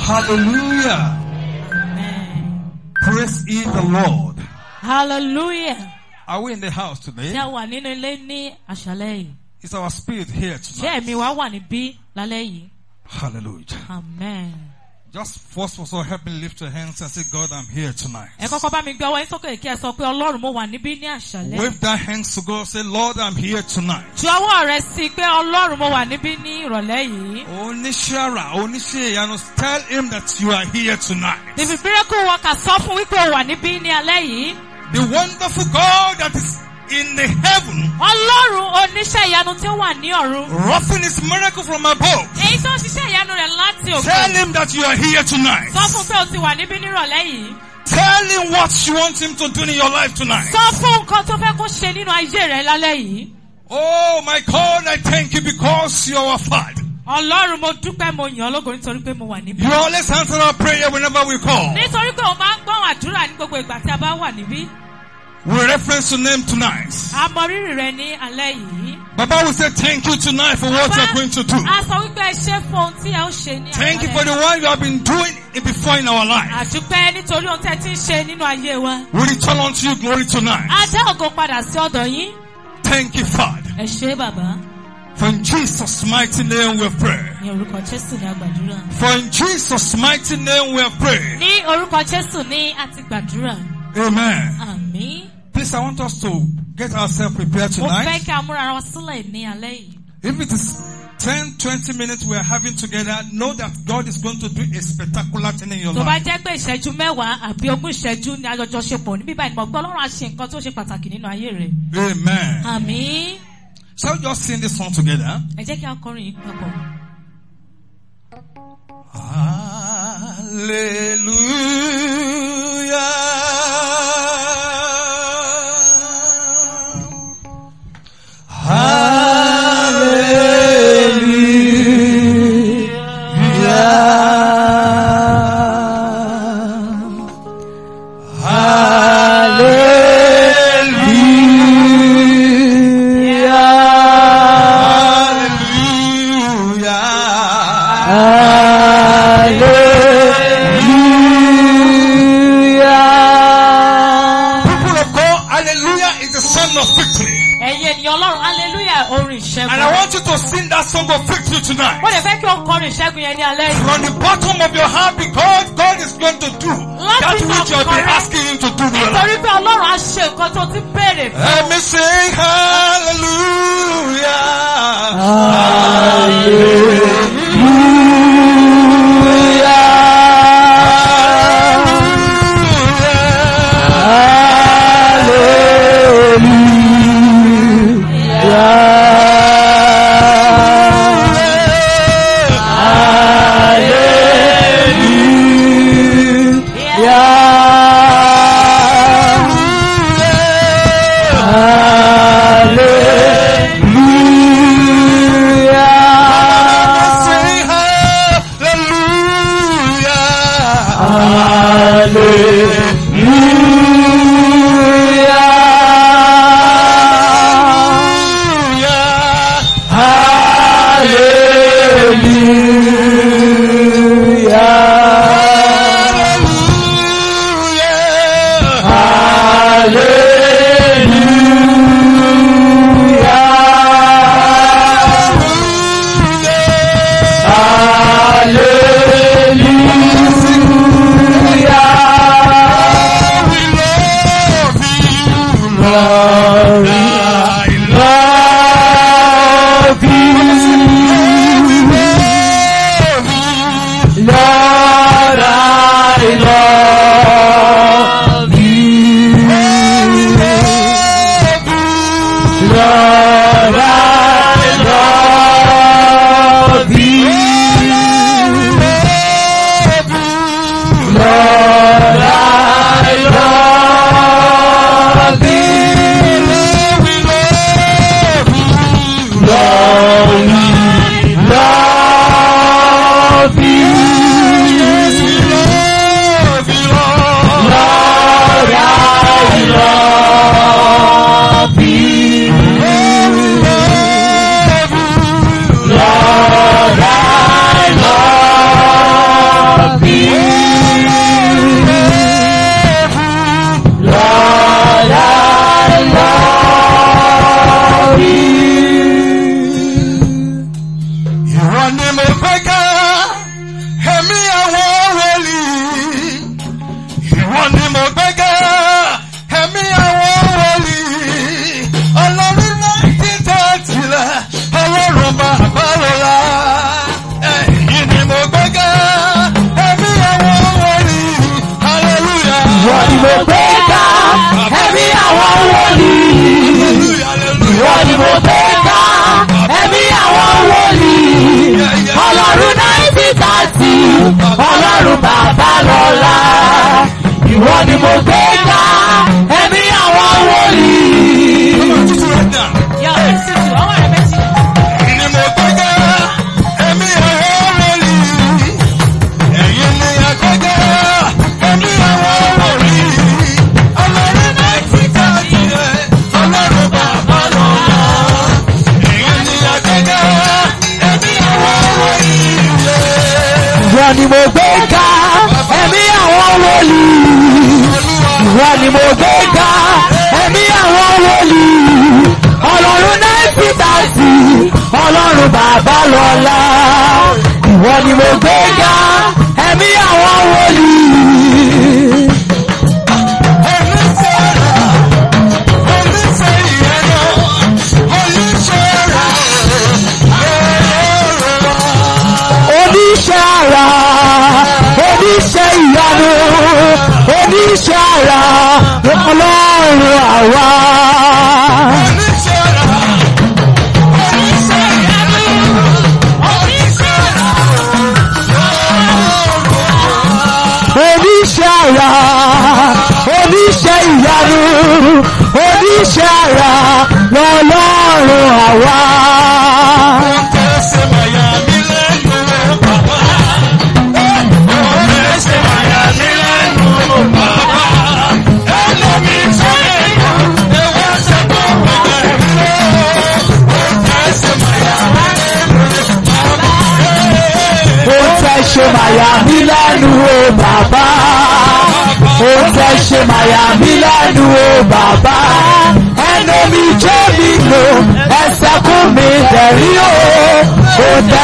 Hallelujah. Amen. Praise ye the Lord. Hallelujah. Are we in the house today? Is our spirit here tonight? Hallelujah. Amen. Just first of all, help me lift your hands and say, God, I'm here tonight. Ẹ Wave that hands to God, say, Lord, I'm here tonight. Ju ọwọ́ rẹ sí pé tell him that you are here tonight. The wonderful God that is in the heaven. Ọlọ́run oníṣẹ́ ìyanu tí ó wà ní ọ̀run. Roughing his miracle from above. Èyí tó ń ṣiṣẹ́ ìyanu rẹ̀ láti òkè. Tell him that you are here tonight. Sọ fún pé o ti wà níbí nírọ̀lẹ́ yìí. Tell him what you want him to do in your life tonight. Sọ fún nǹkan tó fẹ́ kó ṣe nínú ayé rẹ̀ lálẹ́ yìí. Oh my God, I thank you because you are father. Ọlọ́run mo dúpẹ́ mo yàn ọ́ lógo nítorí pé mo wà níbí. You always answer our prayer whenever we call. Nítorí pé o máa ń gbọ́n àdúrà ní gbogbo ìgbà tí a bá wà níbí. We reference your name tonight. Baba we say thank you tonight for what you are going to do. Thank you for the work you have been doing before in our life. We return unto you glory tonight. Thank you, Father. For in Jesus' mighty name we pray. For in Jesus' mighty name we pray. Amen. Amen. Please, I want us to get ourselves prepared tonight. If it is 10, 20 minutes we are having together, know that God is going to do a spectacular thing in your life. Amen. Amen. Àmín. Shall we just sing this song together? Ẹ jẹ́ kí a kọrin yìí papọ̀. Hallelujah.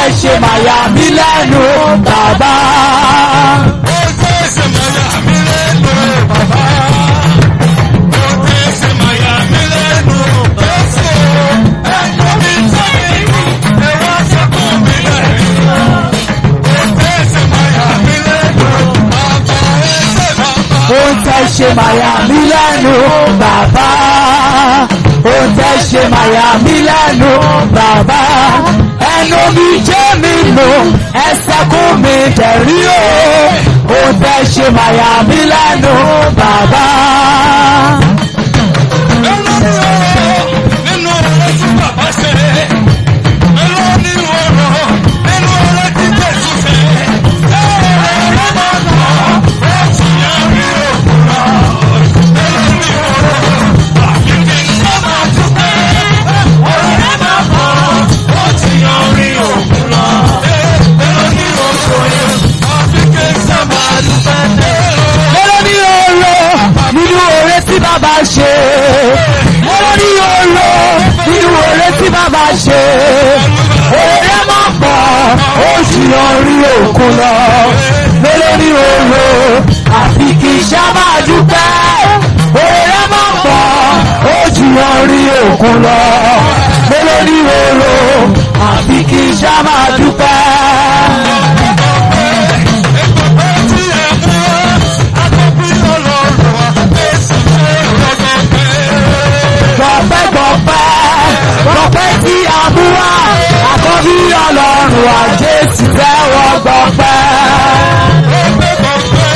ẹ ṣe máa yà mí lẹ́nu bàbá. ó ṣe é ṣe máa yà mí lẹ́nu bàbá. ó ṣe é ṣe máa yà mí lẹ́nu bàbá. ẹ̀yọ́ mi jẹ́ ìlú ẹ̀rọ mí lẹ́nu bàbá omi jẹ́ mi lò ẹsẹ̀ kún mi tẹ̀rí o. Ó fẹ́ ṣe màyà mi lẹ́nu bàbá. tí bàbá ṣe lórí oró inú oore tí bàbá ṣe oore má pọ̀ ó sì orí òkun lọ lórí oró àfi kì í dúpẹ́ oore má pọ̀ ó sì òkun lọ lórí oró àfi kì í dúpẹ́. ọpẹ́ tí a mú wá àkọ́bí ọlọ́run àjẹ́ ti tẹ́wọ́ gbọ́pẹ́. gbọ́pẹ́ gbọ́pẹ́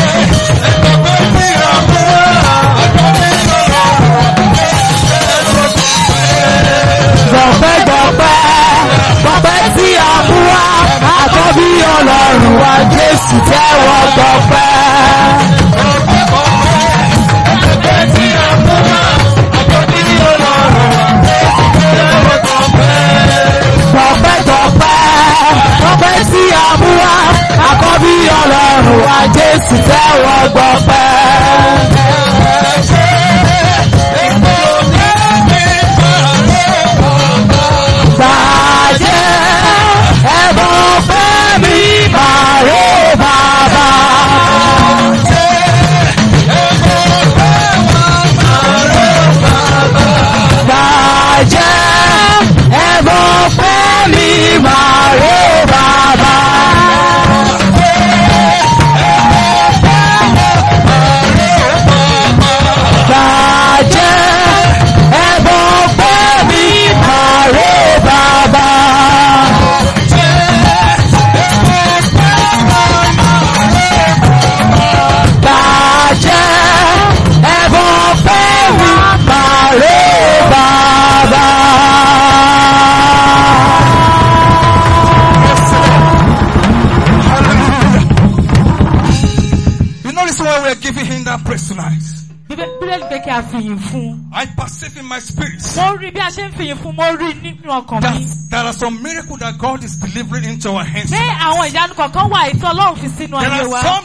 gbọ́pẹ́ tí a mú wá àkọ́bí ọlọ́run àjẹ́ ti tẹ́wọ́ gbọ́pẹ́. wa Jésù tẹ́wọ́ gbọ́pẹ́. is why we are giving him that praise tonight. I perceive in my spirit that there are some miracles that God is delivering into our hands. There are some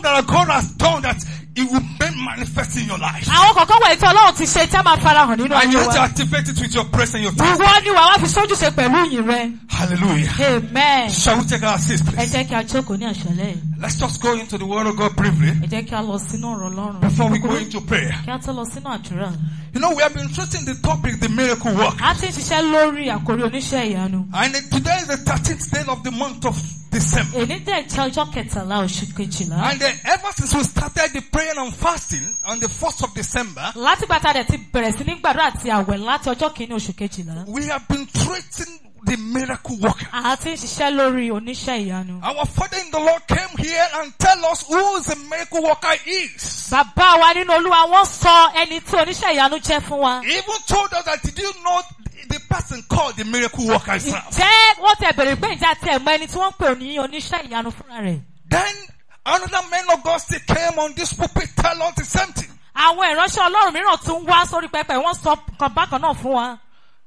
that God has done that it will manifest in your life. Àwọn kọ̀ọ̀kan wà ètò Ọlọ́run ti ṣe tí a máa farahàn nínú ayé wa. And you have to activate it with your praise and your thanks. Ìwọ ni wàá fi sójú ṣe pẹ̀lú ìyìn rẹ. Hallelujah. Amen. Shall we take our seats please? Ẹ jẹ́ kí a jókòó ní yìí. Let's just go into the word of God briefly. Ẹ jẹ́ kí a lọ sínú ọ̀rọ̀ Ọlọ́run. Before we go into prayer. Kí a tó lọ sínú àdúrà. You know, we have been treating the topic, the miracle work. I think she ṣiṣẹ́ lórí àkórí oníṣẹ́ ìyanu. And today is the thirteenth day of the month of December. Èní dẹ̀ jẹ́ ọjọ́ kẹtàlá oṣù kejìlá. And uh, ever since we started the praying and fasting on the first of December. Láti gbàtà rẹ̀ ti bẹ̀rẹ̀ sí ní gbàdúrà àti àwẹ̀ láti ọjọ́ We have been treating the miracle worker. Our father in the Lord came here and tell us who the miracle worker is. Bàbá wa nínú Olúwa wọ́n sọ ẹni tí oníṣẹ́ ìyanu even told us that did you know the person called the miracle worker himself. Ǹjẹ́ wọ́n tẹ̀ bẹ̀rẹ̀ pé ìjà tẹ̀ mọ ẹni tí wọ́n pè ní Then another man of God still came on this pulpit tell us the same thing. Àwọn ìránṣẹ́ Ọlọ́run mìíràn tún wá sórí pẹpẹ wọ́n sọ kan bákan náà fún wa.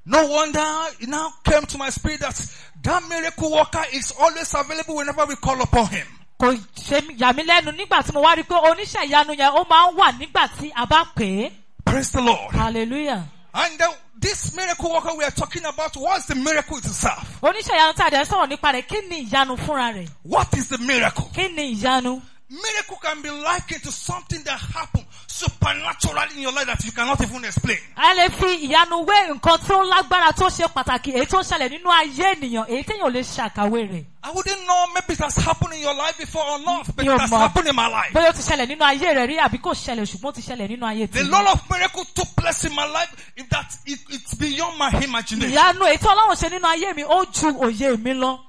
No wonder it now came to my spirit that that miracle worker is always available whenever we call upon him. Kò ṣe yà mí lẹ́nu nígbà tí mo wá rí i pé oníṣẹ́ ìyanu yẹn ó máa ń wà nígbà tí a bá pè é. Praise the Lord. Hallelujah. And the, uh, this miracle worker we are talking about, what's the miracle itself? Oníṣẹ́ ìyanu tí a dẹ̀ sọ̀rọ̀ nípa rẹ̀, kí ni ìyanu fúnra rẹ̀? What is the miracle? Kí ni ìyanu? Miracle can be likened to something that happened Supernaturally in your life that you cannot even explain. a lè fi ìyanu wé nǹkan tó lágbára tó ṣe pàtàkì èyí tó ṣẹlẹ̀ nínú ayé ènìyàn èyí téèyàn lè ṣàkàwé rẹ̀. I wouldn't know maybe it has happened in your life before or not but it has happened in my life. bóyá o ti ṣẹlẹ̀ nínú ayé rẹ̀ rí àbí kò ṣẹlẹ̀ ṣùgbọ́n o ti ṣẹlẹ̀ nínú ayé tèmi. The Lord of miracle took place in my life in that it, it's beyond my imagination. ìyanu èyí tó Ọlọ́run ṣe nínú ayé mi ó ju òye mi lọ.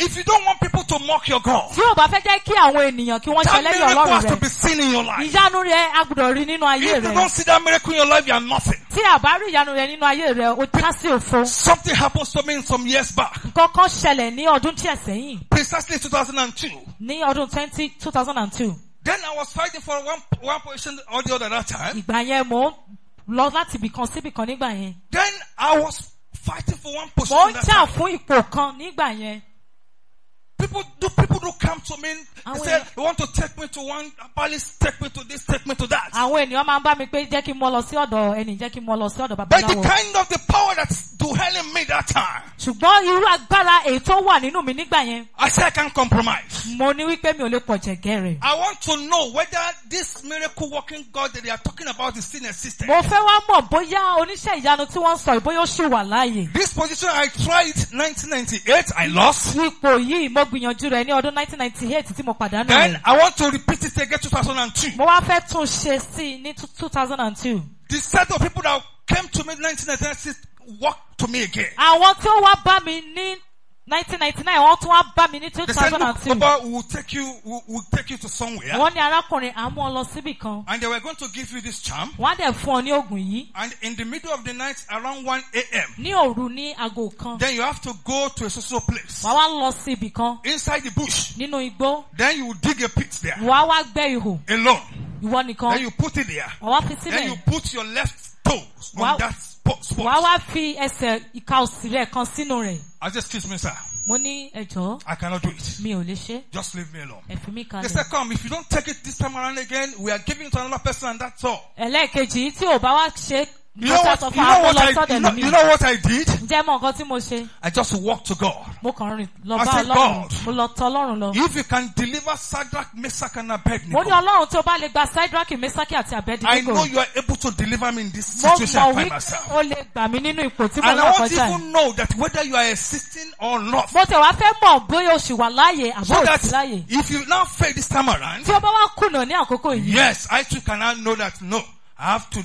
If you don't want people to mock your God. Tí o bá fẹ́ jẹ́ kí àwọn ènìyàn kí wọ́n ṣe lẹ́yìn Ọlọ́run rẹ̀. That miracle has to be seen in your life. Ìyanu rẹ̀ a gbọ́dọ̀ rí nínú ayé rẹ̀. If you don't see that miracle in your life, you are nothing. Tí a bá rí ìyanu rẹ̀ nínú ayé rẹ̀, o já sí òfo. Something happens to me some years back. Nǹkan ṣẹlẹ̀ ní ọdún díẹ̀ sẹ́yìn. Precisely two thousand and two. Ní ọdún twenty two thousand and two. Then I was fighting for one one position or the other that time. Ìgbà yẹn mò ń lọ láti ibìkan sí ibìkan nígbà yẹn. Then I was fighting for one position. Mo ń jà fún ipò kan nígbà yẹn. People do people do come to me and say they want to take me to one palace, take me to this, take me to that. And when your member make me Jackie ẹni jẹ́ kí n mọ odo eni But the kind of the power that dwell in me that time. you irú bala a tó wà nínú me nígbà I say I can't compromise. Money we pay me only lè pọ̀ I want to know whether this miracle working God that they are talking about is still existing. Mo one more, mọ̀ bóyá only say tí wọ́n ń sọ but ó ṣì wà lying. This position I tried 1998 I lost. Ipò yìí mo gbìyànjú rẹ̀ ní ọdún nineteen tí mo pàdánù then I want to repeat it again 2002. mo wá fẹ́ tún ṣe sí i ní two the set of people that came to me in 1996 eight work to me again. àwọn tí ó wá bá mi ní 1999. ninety nine wọ́n tún wá bá mi ní two thousand and two. will take you will, will take you to somewhere. wọ́n ní arákùnrin àmú ọ lọ síbì and they were going to give you this charm. wọ́n á dẹ̀ fún ọ ní oògùn yìí. and in the middle of the night around 1 a.m. ní òru ní aago kan. then you have to go to a social place. wàá wá lọ sí ibì kan. inside the bush. nínú igbó. then you dig a pit there. wàá wá gbẹ́ ihò. alone. ìwọ nìkan. then you put it there. wàá wá fi sílẹ̀. then you put your left toe on wow. that spot. wàá wá fi ẹsẹ̀ ìka òsì rẹ̀ kan sínú rẹ̀. I just kiss me sir. mo ní ẹjọ́. I cannot do it. mi ò lè ṣe. just leave me alone. ẹ fi mí kalẹ̀. they said come if you don't take it this time around again we are giving it to another person and that's all. ẹlẹ́ẹ̀kejì tí ò bá wá ṣe You know what, you know what, I, you know, you know what I did? I just walked to God. I said God. If you can deliver Sadrach, Mesach and Abednego. Mo ní I know you are able to deliver me in this situation by myself. And I want you to know that whether you are existing or not. Mo tẹ̀ wá fẹ́ If you now fail this time around. Yes, I too can now know that no, I have to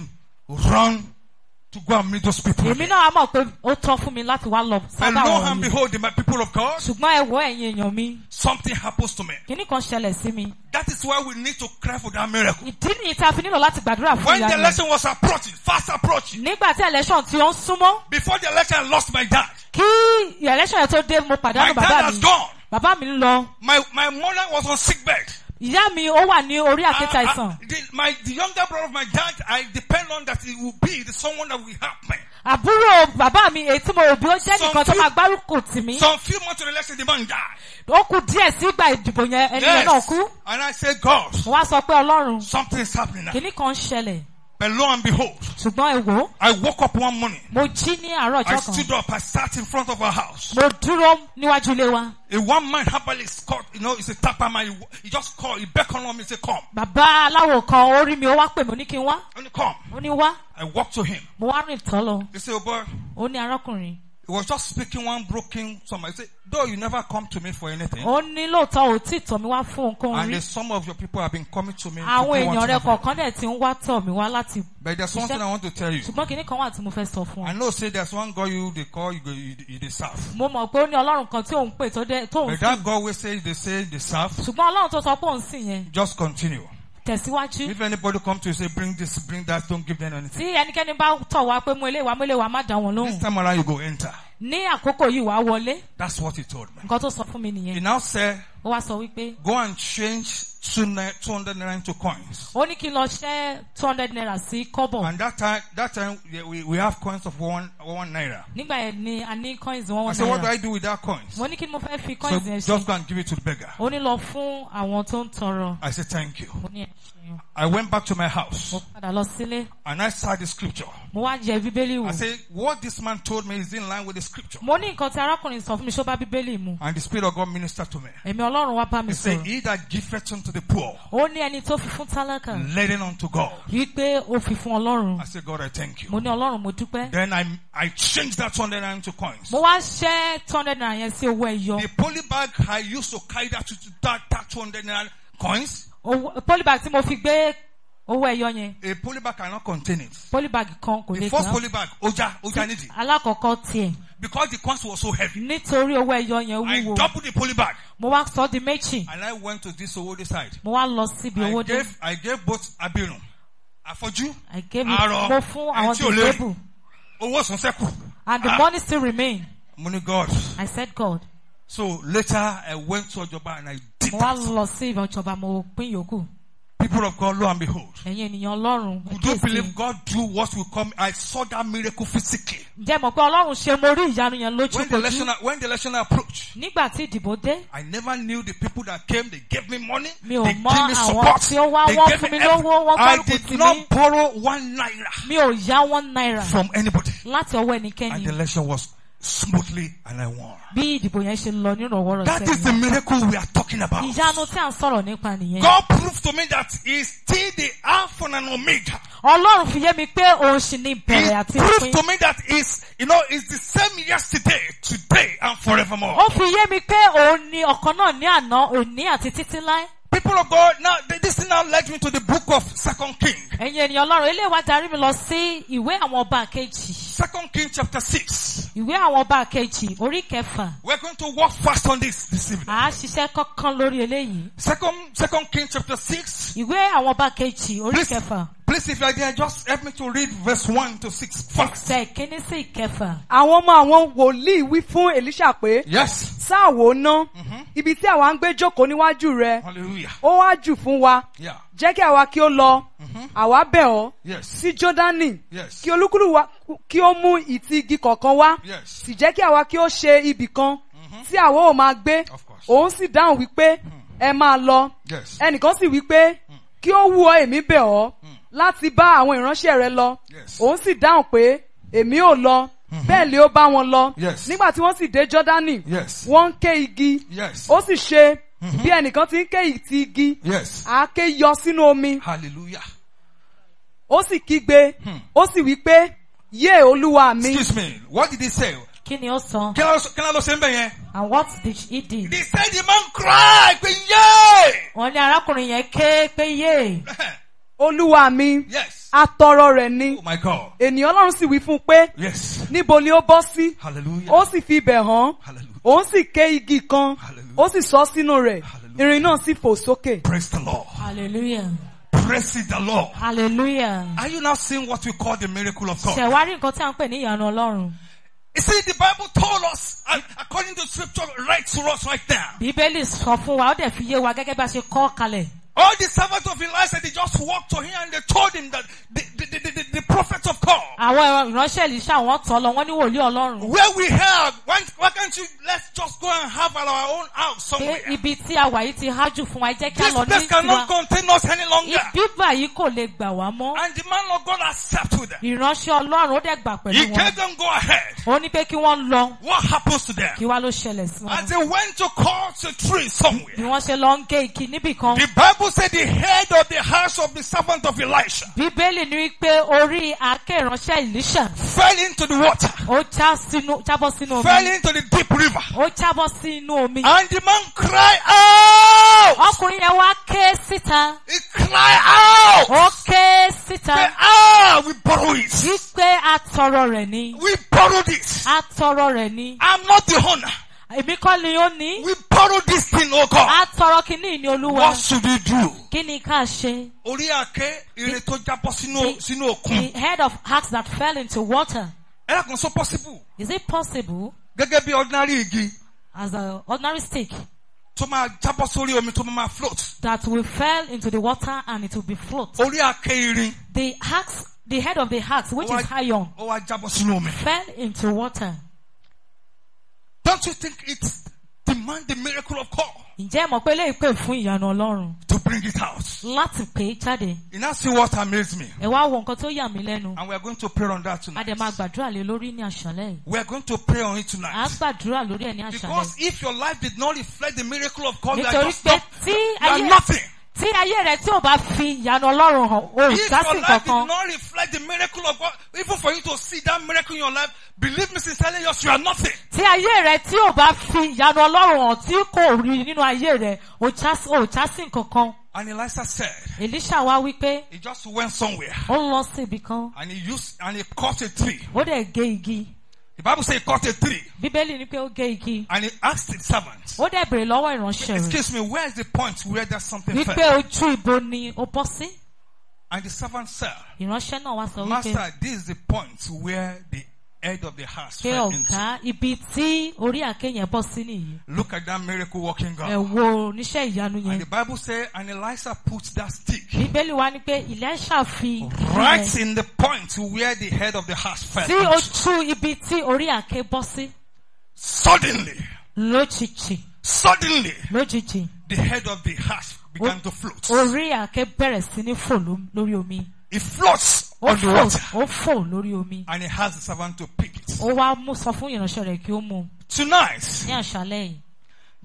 run to go and meet those people. Èmi náà a mọ̀ pé ó tọ́ fún mi láti wá lọ And lo and behold my people of God. Ṣùgbọ́n ẹ wò ẹ̀yin èèyàn mi. Something happens to me. Kìnì kan ṣẹlẹ̀ sí mi. That is why we need to cry for that miracle. Ìdí nìyí tá a fi nílò láti gbàdúrà fún ìyá mi. When the election was approaching fast approaching. Nígbà tí election tí ó ń súnmọ́. Before the election I lost my dad. Kí election yẹn tó dé mo pàdánù bàbá mi. My dad has gone. Bàbá mi ń lọ. My my mother was on sick bed. Ìyá mi ó wà ní orí ah, àkéte àìsàn. Ah, my the younger brother of my dad I depend on that he will be the someone that will help me. Àbúrò bàbá mi èyí mo rò ó jẹ́ nìkan tó máa gbárùkù tì mí. Some few months to the election the man die. Ó kù díẹ̀ sí ìgbà ìdìbò yẹn ẹni yẹn náà kú. and I say God. Mo wá sọ pé Ọlọ́run. Something is happening now. Kìnní kan ń ṣẹlẹ̀. And lo and behold, I woke up one morning. I stood up. I sat in front of our house. A one man happily called, you know, he's a "Tapa man. He, just called, he beckoned on me, he said, Come. And he come. I walked to him. He said, Oh boy. He was just speaking one broken song. I say, though you never come to me for anything. And there's some of your people have been coming to me. But there's one thing I want to tell you. I know say there's one God you they call you you, you deserve. But that God wey say they say they serve. Just continue. tẹ̀síwájú. if anybody come to you say bring this bring that don't give them anything. tí ẹnikẹ́ni bá tọ̀ wá pé mo mo má dán wọn lóhùn. this time around you go enter ní àkókò yìí wàá wọlé. that's what he told me. nǹkan tó sọ fún mi nìyẹn. he now said. ó wá sọ wípé. go and change two hundred naira into coins. ó ní kí n lọ ṣẹ́ two hundred naira sí kọ́bọ̀. and that time that time we we have coins of one one naira. nígbà yẹn ni a ní coins one naira. I said what do I do with that coins. mo ní kí ni mo fẹ́ fi coins yẹn ṣe. so just go and give it to the beggar. ó ní lọ fún àwọn tó ń tọrọ. I say thank you. mo ní ẹ̀ ṣe. I went back to my house and I started the scripture. I said, What this man told me is in line with the scripture. And the Spirit of God ministered to me. He said, He that giveth unto the poor, leading unto God. I said, God, I thank you. Then I, I changed that 200 into coins. The poly bag I used to carry that, that, that 200 coins. polybag tí mo fi gbé owó ẹyọ yẹn. a polybag cannot contain it. polybag kan kò lè tán. the first polybag oja oja nidi. alákọ̀ọ́kọ́ tiẹ̀. because the cost was so heavy. nítorí owó ẹyọ yẹn wúwo. I double the polybag. mo wá sọ di méjì. and I went to this Owode side. mo wá lọ síbi Owode. I gave I gave both abirun afọ́jú arọ ẹni tí ò lérò owó sùn sẹ́kù. and the ah. money still remain. mo God. I said God. So later I went to Ojoba and I did that. People of God, lo and behold. Would you believe God do what will come? I saw that miracle physically. When the election, when the election approached, I never knew the people that came. They gave me money. They gave me support. They gave me everything. I did not borrow one naira from anybody. And the election was smoothly and I won. Bí ìdìbò yẹn ṣe lọ nínú ọwọ́ rẹ̀ That is the miracle we are talking about. Ìyanu tí à ń sọ̀rọ̀ nípa nìyẹn. God proved to me that he is still the Alpha and Omega. Ọlọ́run fi yé mi pé òun sì ni ìbẹ̀rẹ̀ àti ìpín. He proved to me that he is you know is the same yesterday today and forevermore. Ó fi yé mi pé òun ni ọ̀kan náà ní àná òní àti títí láé. People of God, now this thing now led me to the book of Second King. Ẹ̀yin ènìyàn Ọlọ́run, ilé ìwà darí mi lọ sí ìwé àwọn ọba kejì. Second King chapter six. Ìwé àwọn ọba kejì, orí kẹfà. We are going to walk fast on this this evening. À á ṣiṣẹ́ kankan lórí eléyìí. Second Second King chapter six. Ìwé àwọn ọba kejì, orí kẹfà. Please, if you are there, just help me to read verse one to six first. Ẹsẹ̀ kìíní sí ìkẹfà. Àwọn ọmọ àwọn wòlíì wí fún Elisha pé. Yes. Sáà ná. Mm-hmm. ibi tí àwa ń gbé jókòó níwájú rẹ ó wá jù fún wa jẹ́ kí àwa kí ó lọ mm-hmm. àwa bẹ̀ ọ́ sí Jọ́dánì kí olúkúlù wa kí ó mú ìtì igi kọ̀ọ̀kan wá sì jẹ́ kí àwa kí ó ṣe ibì kan mm-hmm. tí àwa ó máa gbé òun sì dáhùn wípé mm. ẹ máa lọ ẹnìkan sì wípé mm. kí ó wù ọ́ èmi bẹ̀ ọ́ mm. láti bá àwọn ìránṣẹ́ rẹ lọ òun sì dáhùn pé èmi ò lọ Mhm. bẹ́ẹ̀ lé ó bá wọn lọ nígbà tí wọ́n sì dé Jọ́dánì wọ́n ń ké igi ó sì ṣe mhm. bí ẹnìkan ti ń ké ìtì igi àáké yọ sínú omi ó sì kígbe hmm. ó sì wí pé yé Olúwa mi. Excuse me, what did he say? Kí ni ó sọ? Kí ni ṣe ń bẹ̀ yẹn? And what did he do? He said the man cry. pé yé. Wọ́n ní arákùnrin yẹn ké pé yé olúwa mi yes. atọrọ rẹ̀ ni oh ènìyàn Ọlọ́run sì wí fún un pé níbo ni ó bọ́ sí ó sì fi ibẹ̀ hàn òun sì ké igi kan ó sì sọ sínú rẹ̀ irin náà sì fò sókè. Praise the Lord. Hallelujah. Praise the Lord. Hallelujah. Are you now seeing what we call the miracle of God? Ṣẹ̀wárí nǹkan tí a ń pè ní ìyanu Ọlọ́run. You see, the Bible told us, and uh, according to scripture, right to us right there. Bíbélì sọ fún wa, ó dẹ̀ fi yé wa gẹ́gẹ́ bí a ṣe kọ kalẹ̀. All the servants of Elijah they just walked to him and they told him that they, the prophets of God. Àwọn ìránṣẹ́ Elisha wọ́n tán lọ, wọ́n ní wòlíì Ọlọ́run. Where we have, why, why can't you, let's just go and have our own house somewhere. Ibi tí a wà yìí ti há jù fún wa, ẹ jẹ́ kí a lọ je ki a lo ni This place cannot contain us any longer. Bíbà yìí kò lè gbà wá mọ́. And the man of God accepted them. Ìránṣẹ́ Ọlọ́run ó dẹ̀ gbà pẹ̀lú wọn. He can them go ahead. Ó ní pé kí wọ́n lọ. What happens to them? Kí wá ló ṣẹlẹ̀ sí wọn? As they went to cut a tree somewhere. Bí wọ́n ṣe lọ ń gé igi níbì The bible said the head of the house of the servant of Elisha. Bíbélì ní pé o orí àáké ìránṣẹ́ Elisha. fell into the water. ó já sínú jábọ́ sínú omi. fell into the deep river. ó jábọ́ sínú omi. and the man cry out. ọkùnrin yẹn wá ké síta. he cry out. ó ké síta. Say ah we borrow it. wípé a tọrọ rẹ̀ ni. we borrow this. a tọrọ rẹ̀ ni. I'm not the owner. Èmi kọ́ ni ó ní. We borrow this thing, O oh God. A tọrọ kìíní ni Olúwa. What should we do? Kí ni ká ṣe? Orí àké ire tó jábọ́ sínú òkun. The head of axe that fell into water. Ẹ lákùn so possible. Is it possible? Gẹ́gẹ́ bí ordinary igi. As an ordinary stick. Tó máa jábọ́ sórí omi tó máa float. That will fell into the water and it will be float. Orí àké irin. The axe the head of the axe which is iron. Ó wá jábọ́ sínú omi. Fell into water. Don't you think it demand the miracle of God? Ǹjẹ́ mọ̀ pé eléyìí pè fún ìyanu Ọlọ́run? To bring it out. Láti pè é jáde. You now see what amazed me. Ẹ wá wo nǹkan tó yà mí lẹ́nu. And we are going to pray on that tonight. A dẹ̀ máa gbàdúrà lé lórí ní àṣálẹ́ We are going to pray on it tonight. À á gbàdúrà lórí ẹ̀ ní àṣálẹ́. Because if your life did not reflect the miracle of God, you are just not, you are nothing. Tí ayé rẹ̀ tí o bá fi ìyanu Ọlọ́run hàn, o ò sásì kankan. If your life did not reflect the miracle of God, even for you to see that miracle in your life, believe me sincerely, yes, you are nothing. Tí ayé rẹ̀ tí o bá fi ìyanu Ọlọ́run hàn tí kò rí nínú ayé rẹ̀, o ò jásì kankan. And Elisha said. Elisha wá wípé. He just went somewhere. Ó lọ sí ibì And he used and he cut a tree. What a gay igi. The Bible says he cut a tree. And he asked the servant. Excuse me, where is the point where there's something fair? And the servant said. Master, this is the point where the head of the house. Pé ọ̀gá ibi tí orí àkẹ́yìn bọ́ sí nìyí. Look at that miracle working God. Ẹ wo oníṣẹ́ ìyanu yẹn. And the Bible says, and Elisha put that stick. Bíbélì wa ni pé Elisha fi. Right in the point where the head of the house fell. Sí ojú ibi tí orí àkẹ́ bọ́ sí. Suddenly. Lójijì. Suddenly. Lójijì. The head of the house began to float. Orí àkẹ́ bẹ̀rẹ̀ sí ní fò lórí omi. It floats on the water. ó fò lórí omi. and he has the servant to pick it. ó wá mú sọ fún ìránṣẹ́ rẹ̀ kí ó mú. tonight. ní àṣálẹ́ yìí.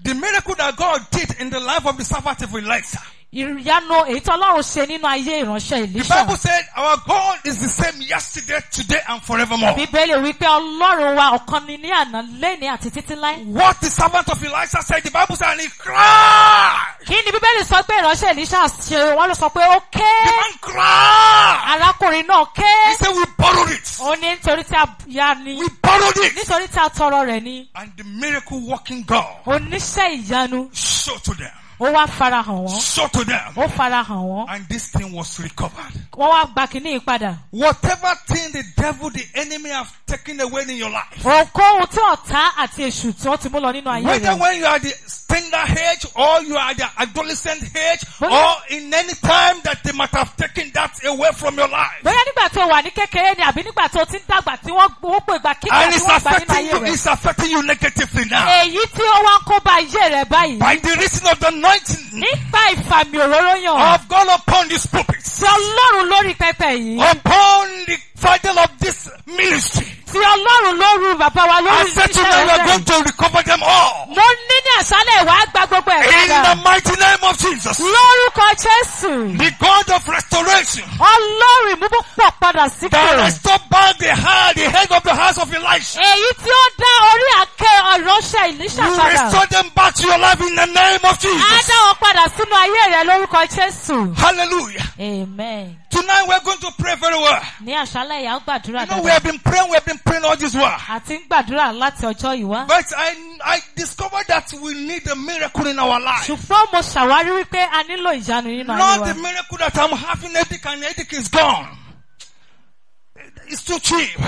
The miracle that God did in the life of the servant of Elijah ìyanu èyí tí ọlọ́run ṣe nínú ayé ìránṣẹ́ Èlíṣà. the bible said our God is the same yesterday today and forevermore. bíbélì wípé ọlọ́run wa ọ̀kan ni ní àná lẹ́ni àti títí láé. what the servant of Elisha said the bible said and he cried. kí ni bíbélì sọ pé ìránṣẹ́ Èlíṣà ṣe wọ́n ló sọ pé ó ké. the man cried. arákùnrin náà ké. he said we borrowed it. ó ní nítorí tí a ya ni. we borrowed it. nítorí tí a tọrọ rẹ̀ ni. and the miracle working God. oníṣẹ́ ìyanu. show to them. ó so to them. and this thing was recovered. whatever thing the devil the enemy have taken away in your life. whether when you are the tender age or you are the adolescent age or in any time that they might have taken that away from your life. Bóyá nígbà tó wà ní kékeré ni àbí nígbà tó ti ń dàgbà tí wọ́n gbogbo ìgbà kí ni wọ́n gbà nínú ayé rẹ̀. And it's affecting you it's affecting you negatively now. Èyí tí ó wá ń kó ba iye rẹ̀ báyìí. By the reason of the anointing. Nípa ìfàmì òróró yàn. I have gone upon this pulpit. Sọ Ọlọ́run lórí pẹpẹ yìí. Upon the title of this ministry ti ọlọ́run ló bàbá wa lórí iṣẹ́ rẹ̀. I said to we are going to recover them all. ló ní ní àṣálẹ̀ ìwà gba gbogbo ẹ̀ padà. In the mighty name of Jesus. lórúkọ Jésù. The God of restoration. Ọlọ́run ìmúbọ̀pọ̀ padà sípò. That restore back the head the head of the house of Elisha. Èyí tí ó dá orí àkẹ́ ọ̀rọ̀ṣẹ́ Elisha padà. You restore them back to your life in the name of Jesus. Á dá wọn padà sínú ayé rẹ lórúkọ Jésù. Hallelujah. Amen. Tonight we're going to pray very well. Ní àṣálẹ̀ yà ó gbàdúrà You know we have been praying we have been praying all this while. Àti ń gbàdúrà láti ọjọ́ yìí But I I discovered that we need a miracle in our life. Ṣùgbọ́n mo ṣàwárí wípé a nílò ìyanu nínú ayé wa. Not the miracle that I'm having headache and headache is gone. It's too cheap.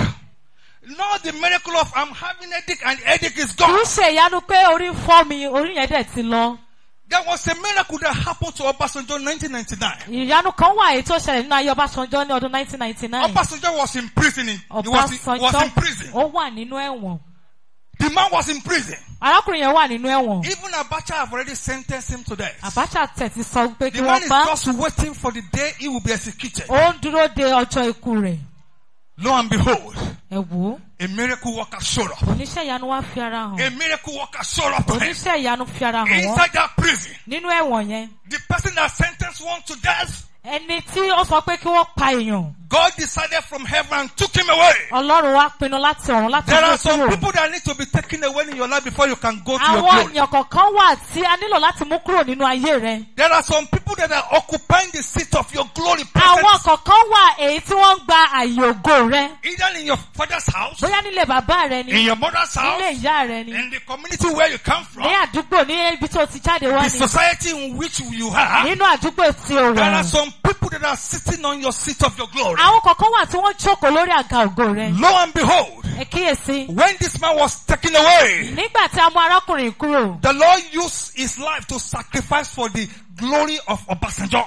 Not the miracle of I'm having headache and headache is gone. Kì í ṣe ìyanu pé orí fọ́ mi, orí yẹn dẹ̀ ti lọ. There was a miracle that happened to Obasanjo in 1999. You kan wà èyí tó ṣẹlẹ̀ nínú ayé Obasanjo ní ọdún 1999. Obasanjo was in prison. Obasanjo was, was in prison. The man was in prison. Arákùnrin yẹn wà nínú Even Abacha have already sentenced him to death. Abacha The man is just waiting for the day he will be executed. Lo and behold. A miracle worker showed up. A miracle worker showed up. Inside that prison, Ninu the person that sentenced one to death. ẹni tí ó sọ pé kí wọ́n pa èèyàn. God decided from heaven took him away. There are some people that need to be taken away in your life before you can go to your glory. There are some people that are occupying the seat of your glory presence. Either in your father's house. In your mother's house. In the community where you come from. in The society in which you are. There are some people that are sitting on your seat of your glory lo and behold. when this man was taken away. the Lord used his life to sacrifice for the glory of Obasanjo.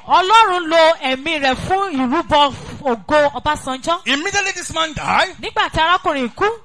Immediately this man died.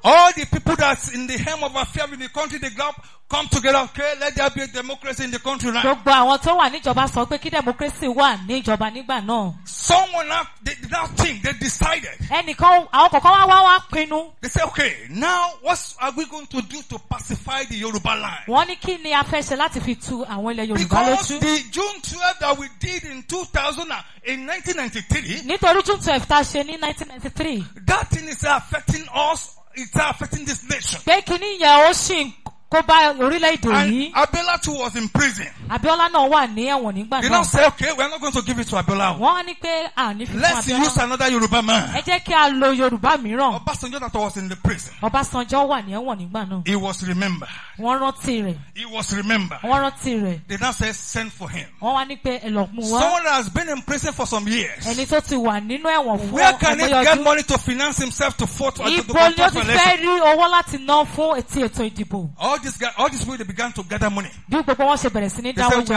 All the people that's in the hem of affair in the country they grab come together okay let there be democracy in the country now. gbogbo àwọn tó wà níjọba sọ pé kí democracy wà níjọba nígbà náà. someone now they that thing. they decided. ẹnìkan àwọn kọ̀ọ̀kan wá wá wá pinnu. they say okay now what are we going to do to pacify the Yoruba line? wọ́n ní kí ni a fẹ́ ṣe láti fi tu àwọn ilẹ̀ Yorùbá lójú. because the June twelve that we did in two thousand and in nineteen ninety three. nítorí June twelve tá a ṣe ní nineteen ninety three. that thing is affecting us it's affecting this nation. pé kínní yẹn ó ṣì ń kó bá orílẹ̀-èdè yìí. Abiola too was in prison. Abiola náà wà ní ẹ̀wọ̀n nígbà náà. they now say okay we are not going to give it to Abiola. wọ́n ní pé àní fífún Abiola. let's use another Yoruba man. ẹ jẹ́ kí a lo Yorùbá mìíràn. Ọbásanjọ́ that was in the prison. Ọbásanjọ́ wà ní ẹ̀wọ̀n nígbà náà. he was remember. wọ́n rántí rẹ̀. he was remember. wọ́n rántí rẹ̀. they now say send for him. wọ́n wá ní pé ẹ lọ mú wá. someone has been in prison for some years. ẹni tó ti wà nínú ẹ̀wọ̀n fún ọgbẹ́yọdún. where can he get money to finance himself to vote. ibo ni ó ti fẹ́ rí owó láti ná fún ètò this all these people they began to gather money. They said we are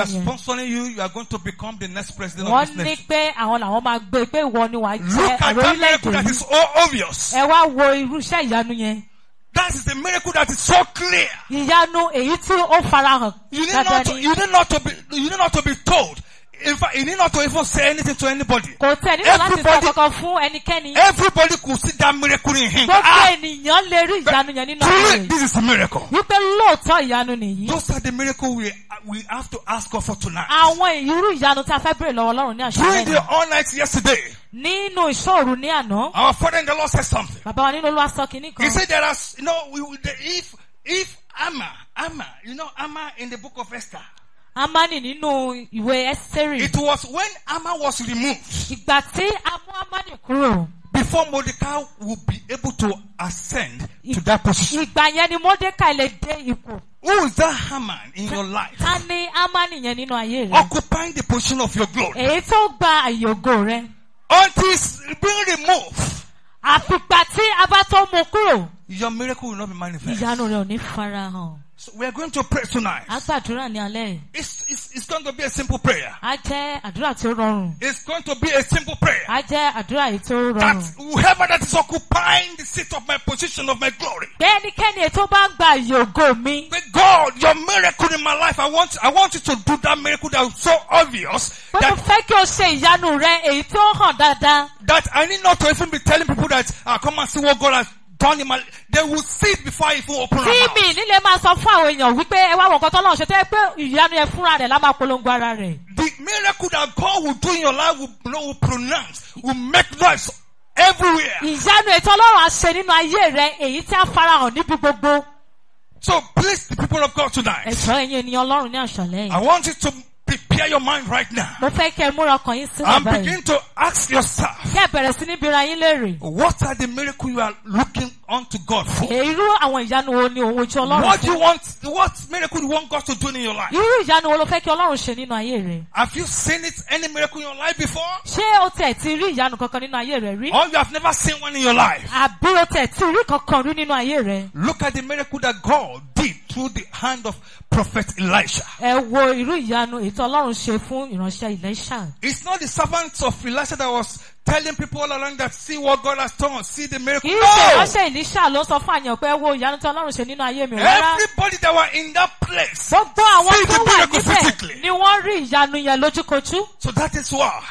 sponsoring you you are going to become the next president of this nation. Look at that miracle that is so obvious. That is the miracle that is so clear. You need not to, you need not to be you need not to be told. in fact, he need not to even say anything to anybody. Kò tẹ̀ nínú láti sọ kankan fún ẹnikẹ́ni. Everybody could see that miracle in him. Gbogbo ah! ènìyàn lè rí ìyanu yẹn nínú àwọn ènìyàn. This is a miracle. Wípé lóòótọ́ ìyanu nìyí. Those are the miracles we we have to ask God for tonight. Àwọn irú ìyanu tí a fẹ́ lọ́wọ́ ní During the all night yesterday. Nínú ìṣòro ní àná. Our father in the said something. Bàbá wa nínú Olúwa sọ kan. He said there are you know if if Amma Amma you know Amma in the book of Esther. Amani nínú ìwé Ẹ́sítérì. It was when Amma was removed. Ìgbà tí a mú Amani kúrò. Before Mordecai would be able to ascend to that position. Ìgbà yẹn ni Mordecai lè dé ipò. Who is that Haman in your life? Ta ni Amani yẹn nínú ayé rẹ? Occupying the position of your glory. Èyí tó gba àyè ògo rẹ. Until it's being removed. Àfìgbà tí a bá tó mú kúrò. Your miracle will not be manifest. Ìyanu rẹ̀ ò ní farahàn. So we are going to pray tonight. It's, it's, it's going to be a simple prayer. It's going to be a simple prayer. That whoever that is occupying the seat of my position of my glory. With God, your miracle in my life, I want, I want you to do that miracle that is so obvious. That, that I need not to even be telling people that, ah, come and see what God has tọ́ they will see before I even open my mouth. tí mi nílé máa sọ fún àwọn èèyàn wípé ẹ wá wọ̀kọ́ tọ́lọ́ ṣe tó yẹ pé ìyanu yẹn fúnra rẹ̀ la máa polongo ara rẹ̀. the miracle that God will do in your life will, will pronounce will make noise everywhere. ìyanu ètò ọlọ́run á ṣe nínú ayé rẹ èyí tí á farahàn níbi gbogbo. so please the people of God tonight. ẹ̀ṣọ́ ẹ̀yin ènìyàn ọlọ́run ní àṣàlẹ̀ yìí. I want you to. Prepare your mind right now. Mo fẹ́ kẹ́ múra ọkàn yín sílẹ̀ báyìí. And begin to ask yourself. Kí bẹ̀rẹ̀ sí ní bira yín léèrè. What are the miracles you are looking unto God for? What do you want? What miracle do you want God to do in your life? Have you seen it any miracle in your life before? Or you have never seen one in your life? Look at the miracle that God did through the hand of prophet Elisha. It's not the servants of Elisha that was telling people all along that see what God has done, see the miracle. Ìṣe ìránṣẹ́ Ìlíṣà ló sọ fún àyàn pé wo ìyanu tí Ọlọ́run ṣe nínú ayé mi Everybody that were in that place. Gbogbo the miracle physically. níbẹ̀ ni wọ́n rí ìyanu yẹn lójúkojú. So that is why.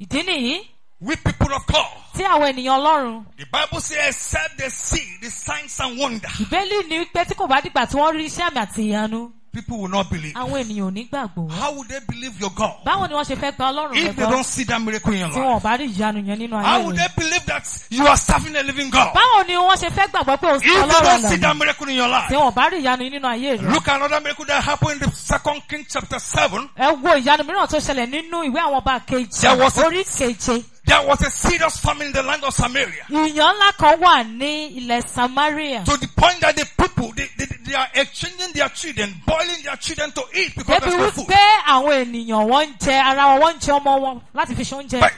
Ìdí nìyí. We people of God. Tí àwọn ènìyàn Ọlọ́run. The bible says except they see the signs and wonders. Ìbéèlì ni pé tí kò bá dìgbà tí wọ́n rí iṣẹ́ àmì àti ìyanu people will not believe. Àwọn ènìyàn ò ní gbàgbọ́. How would they believe your God? Báwo ni wọ́n ṣe fẹ́ gba Ọlọ́run rẹ̀ gbọ́? If they don't see that miracle in your life. Tí wọn bá rí ìyanu yẹn nínú ayé rẹ̀. How would they believe that you are serving a living God? Báwo ni wọ́n ṣe fẹ́ gbàgbọ́ pé o sí Ọlọ́run lọ́nà? If they don't see that miracle in your life. Tí wọn bá rí ìyanu nínú ayé rẹ̀. Look at another miracle that happened in the second king chapter seven. Ẹ wo ìyanu mìíràn tó ṣẹlẹ̀ nínú ìwé àwọn ọba kejì. There was a orí keje. There was a serious famine in the land of Samaria. To the point that the people they, they, they are exchanging their children, boiling their children to eat because there's no food. But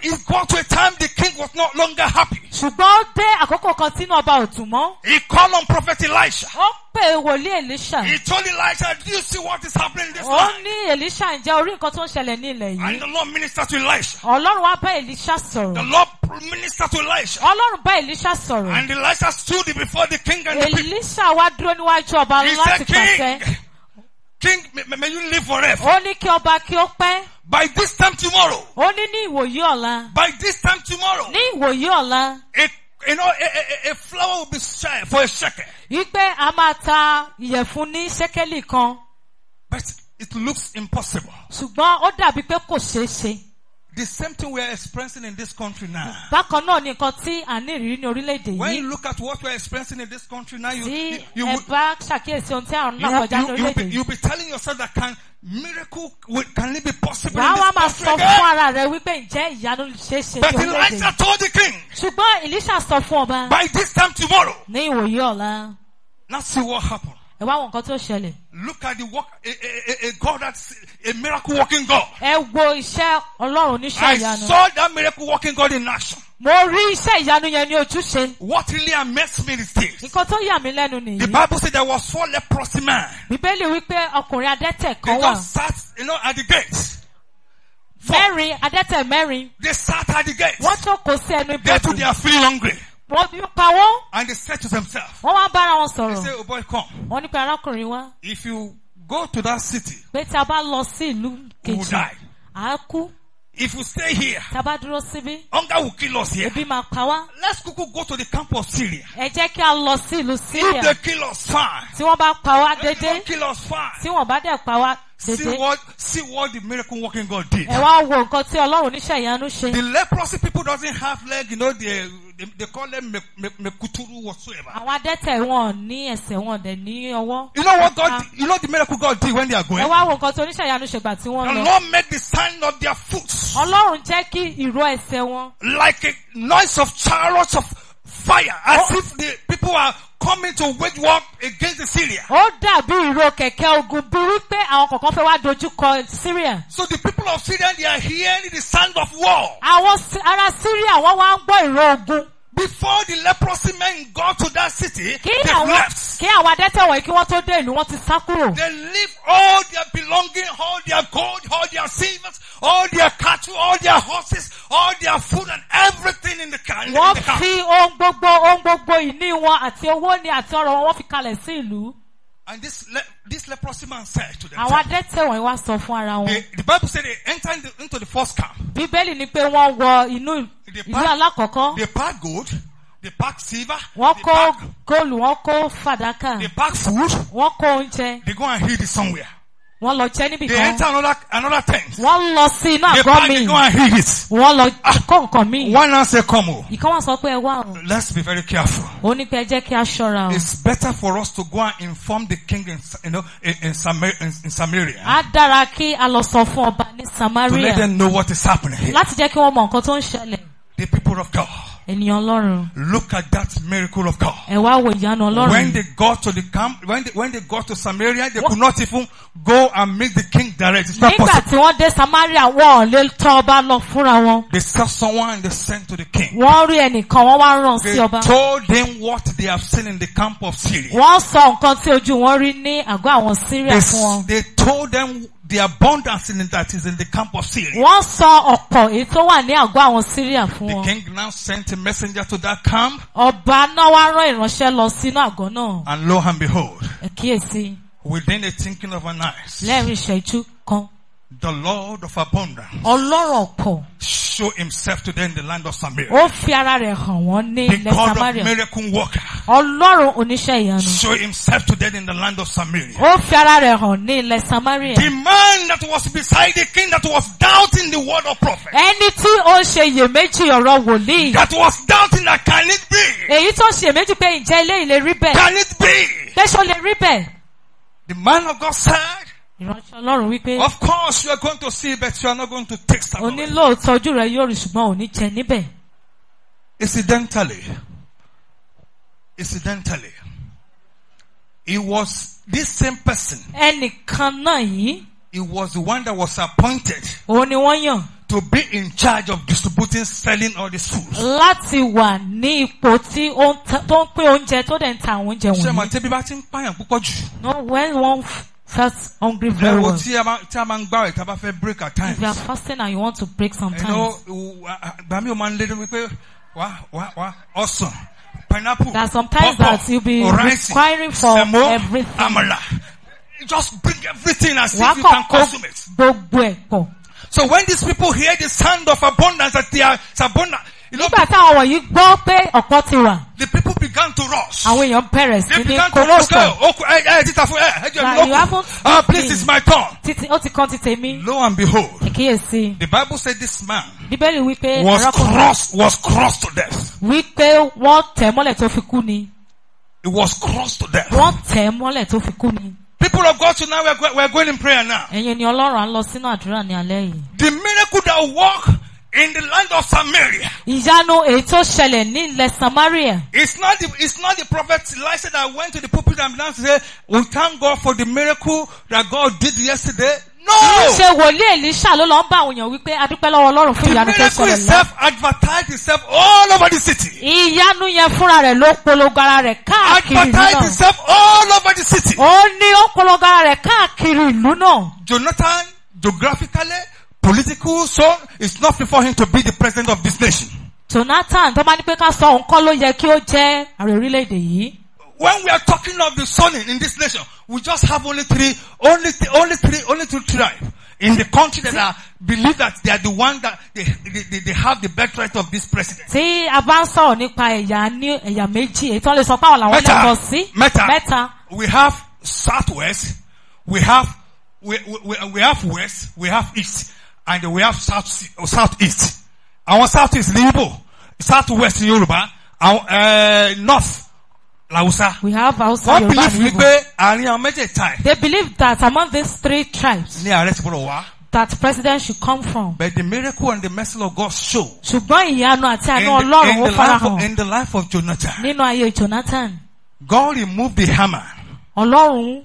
it got to a time the king was no longer happy. Should dé àkókò kan tí inú He called on prophet Elisha. pè wòlíì Elisha. He told Elisha, do you see what is happening in this land? Ó ní Elisha ǹjẹ́ orí nǹkan tó ń ṣẹlẹ̀ ní ilẹ̀ yìí. And the Lord minister to Elisha. Ọlọ́run wá bá Elisha sọ̀rọ̀. The Lord minister to Elisha. Ọlọ́run bá Elisha sọ̀rọ̀. And Elisha stood before the king and the people. Elisha wá dúró níwájú ọba láti pàṣẹ. He King, King, may, may you live forever. Ó ní kí ọba kí ó pẹ́. By this time tomorrow. Ó ní ní ìwòyí ọ̀la. By this time tomorrow. Ní ìwòyí ọ̀la. It you know, a, a, a flower will be shy for a shekel. Ipe a máa ta ìyẹ̀fun kan. But it looks impossible. Ṣùgbọ́n ó dàbí pé kò ṣeé ṣe. The same thing we are experiencing in this country now. Bákan náà ni nǹkan tí à ń rí ní orílẹ̀-èdè yìí. When you look at what we are experiencing in this country now, you you, you would. You be telling yourself that can miracle can it be possible in this country again? Wàá wá máa sọ fún ara rẹ̀ wípé ǹjẹ́ ìyanu é ní orílẹ̀-èdè But Elisha told the king. Ṣùgbọ́n Elisha sọ fún ọba. By this time tomorrow. Ní ìwòye ọ̀la. see what happens. ẹ wá wọn nǹkan tó ṣẹlẹ̀. look at the work a, a, a God that's a miracle working God. ẹ wo iṣẹ́ ọlọ́run oníṣẹ́ ìyanu. I saw that miracle working God in action. Mo rí iṣẹ́ ìyanu yẹn ní ojúṣe. What really amazed me is this. Nǹkan tó yà mí lẹ́nu nìyí. The bible said there was four leprosy men. Bíbélì wípé ọkùnrin adẹ́tẹ̀ kan wà. They just sat you know, at the gate. Mẹ́rin adẹ́tẹ̀ mẹ́rin. They sat at the gate. Wọ́n jókòó sí ẹnu ibodè. They too they are feeling hungry. Wọ́n fi pawó. And they said to themselves. Wọ́n wá bára wọn sọ̀rọ̀. They say, "O oh boy, come. Wọ́n ní pé arákùnrin wá. If you go to that city. Pé tí a bá lọ sí ìlú kejì. You will die. À kú. If you stay here. Tá a bá dúró síbí. Hunger will kill us here. Ebi máa pa wá. Let's quickly go to the camp of Syria. Ẹ jẹ́ kí a lọ sí ìlú Syria. If they kill us fine. Tí wọ́n bá pa wá dédé. If they kill us fine. Tí wọ́n bá dẹ̀ pa wá. See what see what the miracle working God did. The leprosy people doesn't have leg, you know, they they, they call them me, me, mekuturu whatsoever. You know what God ah. you know the miracle God did when they are going. Ẹ wá The Lord made the sign of their foot. Like a noise of chariots of fire as oh. if the people are coming to wage war against the Syria. Ó dàbí ìró kẹ̀kẹ́ ogun burú pé àwọn kọ̀ọ̀kan fẹ́ wá dojú kọ Syria. So the people of Syria they are hearing the sound of war. Àwọn ará Syria wọ́n wá ń gbọ́ ìró ogun. Before the leprosy men go to that city, kí they àwọn, left. Kí àwọn adẹ́tẹ̀ wọ̀nyí kí wọ́n tó dé ìlú, wọ́n ti sá kúrò. They leave all their belonging, all their gold, all their silver, all their cattle, all their horses, all their food and everything in the car. Wọ́n fi ohun gbogbo ohun gbogbo ìní wọn àti owó ni àti ọrọ̀ wọn wọ́n fi kalẹ̀ sí ìlú. And this le this leprosy man said to them. Àwọn adẹ́tẹ̀ wọ̀nyí wá sọ fún ara wọn. The the bible said they enter into, the first camp. Bíbélì ni pé wọ́n wọ inú ìlú alákọ̀ọ́kọ́. They pack gold. They pack silver. Wọ́n kó góòlù, wọ́n kó fàdákà. They pack food. Wọ́n kó oúnjẹ. They go and hid it somewhere. Wọ́n lọ jẹ́ níbì kan. They enter another another tent. Wọ́n lọ sí inú àgọ́ mi. They go and hear Wọ́n lọ ah, kọ́ nǹkan mi. One now say come o. Ìkan wọn sọ pé ẹ wá o. Let's be very careful. Ó ní pé ẹ jẹ́ kí a ṣọ́ra o. It's better for us to go and inform the king in, you know, in, in, in, in Samaria. Á dára kí a lọ sọ fún ọba ní Samaria. To let them know what is happening. Láti jẹ́ kí wọ́n mọ nǹkan tó ń ṣẹlẹ̀. The people of God. Ènìyàn Ọlọ́run. Look at that miracle of God. Ẹ wá wo ìyanu Ọlọ́run. When they got to the camp when they, when they got to Samaria they could not even go and meet the king direct. It's not possible. Nígbà tí wọ́n dé Samaria wọn ò lè tọ́ ọba lọ fúnra wọn. They saw someone and they sent to the king. Wọ́n rí ẹnìkan wọ́n wá rán sí ọba. They told him what they have seen in the camp of Syria. Wọ́n sọ nǹkan tí ojú wọn rí ní àgọ́ àwọn Syria fún wọn. They told them the abundance in that is in the camp of Syria. Wọ́n sọ ọ̀pọ̀ èyí tó wà ní àgọ́ Syria The king now sent a messenger to that camp. Ọba náà wá rán ìránṣẹ́ lọ sínú àgọ́ And lo and behold. Within the thinking of an eye. Lẹ́rìn ìṣẹ́jú kan. The Lord of abundance. Show himself to them in the land of Samaria. Ó Samaria. The God of miracle worker. Show himself to them in the land of Samaria. Ó Samaria. The man that was beside the king that was doubting the word of prophet. Ẹni tí ó ṣe That was doubting that can it be. Can it be? The man of God said. ìránṣẹ́ Ọlọ́run wípé. of course you are going to see but you are not going to taste am. onílòótọ́ ojú rẹ yóò rí ṣùgbọ́n ò ní jẹ níbẹ̀. incidentally incidentally it was this same person. ẹnìkan náà yìí. It was the one that was appointed. Òun ni wọ́n yàn. To be in charge of distributing selling all these foods. Láti wà ní ipò tí ó ń pín oúnjẹ tó dẹ̀ ń ta àwọn oúnjẹ wọ̀nyí. Ṣé màá bá ti ń pààyàn púpọ̀ jù? No, when one First hungry very well. If you are fasting and you want to break sometimes. You know, awesome. Pineapple. That sometimes pop, that you'll be rice, requiring for semo, everything. Amala. Just bring everything and see if you can consume it. So when these people hear the sound of abundance that they are abundant. You know, Nígbà táwọn wọ̀nyí gbọ́ pé ọ̀pọ̀ ti wà. The people began to rust. Àwọn èèyàn parents ní kókó kan. Ẹ ẹ títa fún ẹ ẹ jẹ́ mi lókun. Ah please it's my turn. Títí ó ti kàn ti tèmi. Lo and behold. Ìkíyèsí. The Bible said this man. Bíbélì wí Was crossed was crossed to death. Wí wọ́n tẹ̀ mọ́lẹ̀ tó fi kú ni. It was crossed to death. Wọ́n tẹ̀ mọ́lẹ̀ tó fi kú ni. People of God tonight we are going in prayer now. Ẹ̀yin ni Ọlọ́run à ń lọ sínú àdúrà ní alẹ́ yìí. The miracle that worked. in the land of Samaria. Ìyanu èyí tó ṣẹlẹ̀ ní ilẹ̀ Samaria. It's not the it's not the prophet Elisha that went to the pulpit and began to say, "We thank God for the miracle that God did yesterday." No! Ṣé wòlíì Elisha ló lọ bá àwọn èèyàn wípé a lọ́wọ́ Ọlọ́run fún ìyanu tó ṣẹlẹ̀ náà? The miracle itself advertised itself all over the city. Ìyanu yẹn fúnra rẹ̀ ló polongo ara rẹ̀ káàkiri náà. Advertised itself all over the city. Ó ní ó polongo ara rẹ̀ káàkiri ìlú náà. Jonathan geographically political so it's not for him to be the president of this nation. Jonathan tó bá ní pé ká sọ òun kọ́ ló yẹ kí ó jẹ́ ààrẹ orílẹ̀-èdè yìí. When we are talking of the son in this nation, we just have only three, only th only three, only two tribes in the country that are believe that they are the one that they, they, they, they have the right of this president. Tí a bá ń sọ̀rọ̀ nípa ẹ̀yà ní ẹ̀yà méjì, èyí tó lè sọ pé àwọn làwọn lẹ́kọ̀ọ́ sí. Mẹ́ta mẹ́ta. We have southwest, we have we, we, we have west, we have east and we have south oh, southeast Our southeast ní southwest Yoruba. Our uh, north lawusa. we have hausa yoruba believe wípé àárín àwọn they believe that among these three tribes. that president should come from. But the miracle and the mercy of God show. ṣùgbọ́n ìyanu àti àánú Ọlọ́run ó farahàn. in the life of Jonathan. nínú ayé Jonathan. God removed the hammer. Ọlọ́run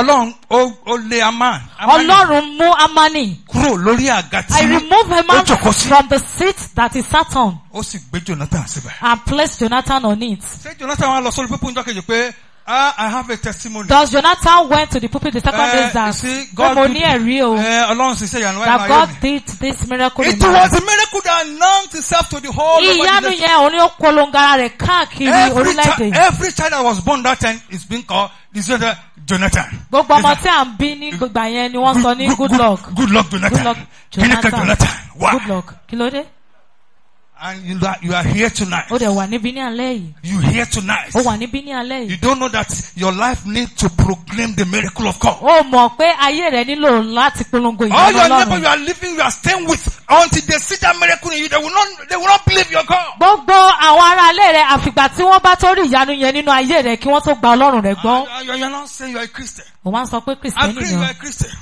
Ọlọ́run ó ó lé Amán. Ọlọ́run mú Amani. Kúrò lórí àga tí I remove Haman ó from the seat that he sat on. Ó sì gbé Jonathan síbẹ̀. And placed Jonathan on it. Ṣé Jonathan wá lọ sórí pípọ̀ níjọ́ kejì pé Uh, I have a testimony. Thus Jonathan went to the pulpit the second eh, day that see, God did, uh, that God did this miracle. It was a miracle that announced itself to the whole ìyanu yẹn òní Every child that was born that time is being called is called Jonathan. Gbogbo ọmọ tí à ń bí ní gbogbo yẹn wọ́n sọ ní good luck. Good luck Jonathan. Good luck Jonathan. Good luck. Kí ló dé? And you are, you are here tonight. Ó dẹ̀ wà níbí ní alẹ́ yìí. You here tonight. Ó wà níbí ní alẹ́ yìí. You don't know that your life need to proclaim the miracle of God. Ó mọ̀ pé ayé rẹ̀ nílò láti polongo ìyanu Ọlọ́run. All your neighbor you are living you are staying with until they see that miracle in you they will not they will not believe your God. Gbogbo àwọn ará ilé rẹ̀ àfìgbà tí wọ́n bá tó rí ìyanu yẹn nínú ayé rẹ̀ kí wọ́n tó gba Ọlọ́run rẹ̀ gbọ́. Ah, you are not saying you are a Christian. Ó wá ń sọ pé Kristẹni ni ọ́.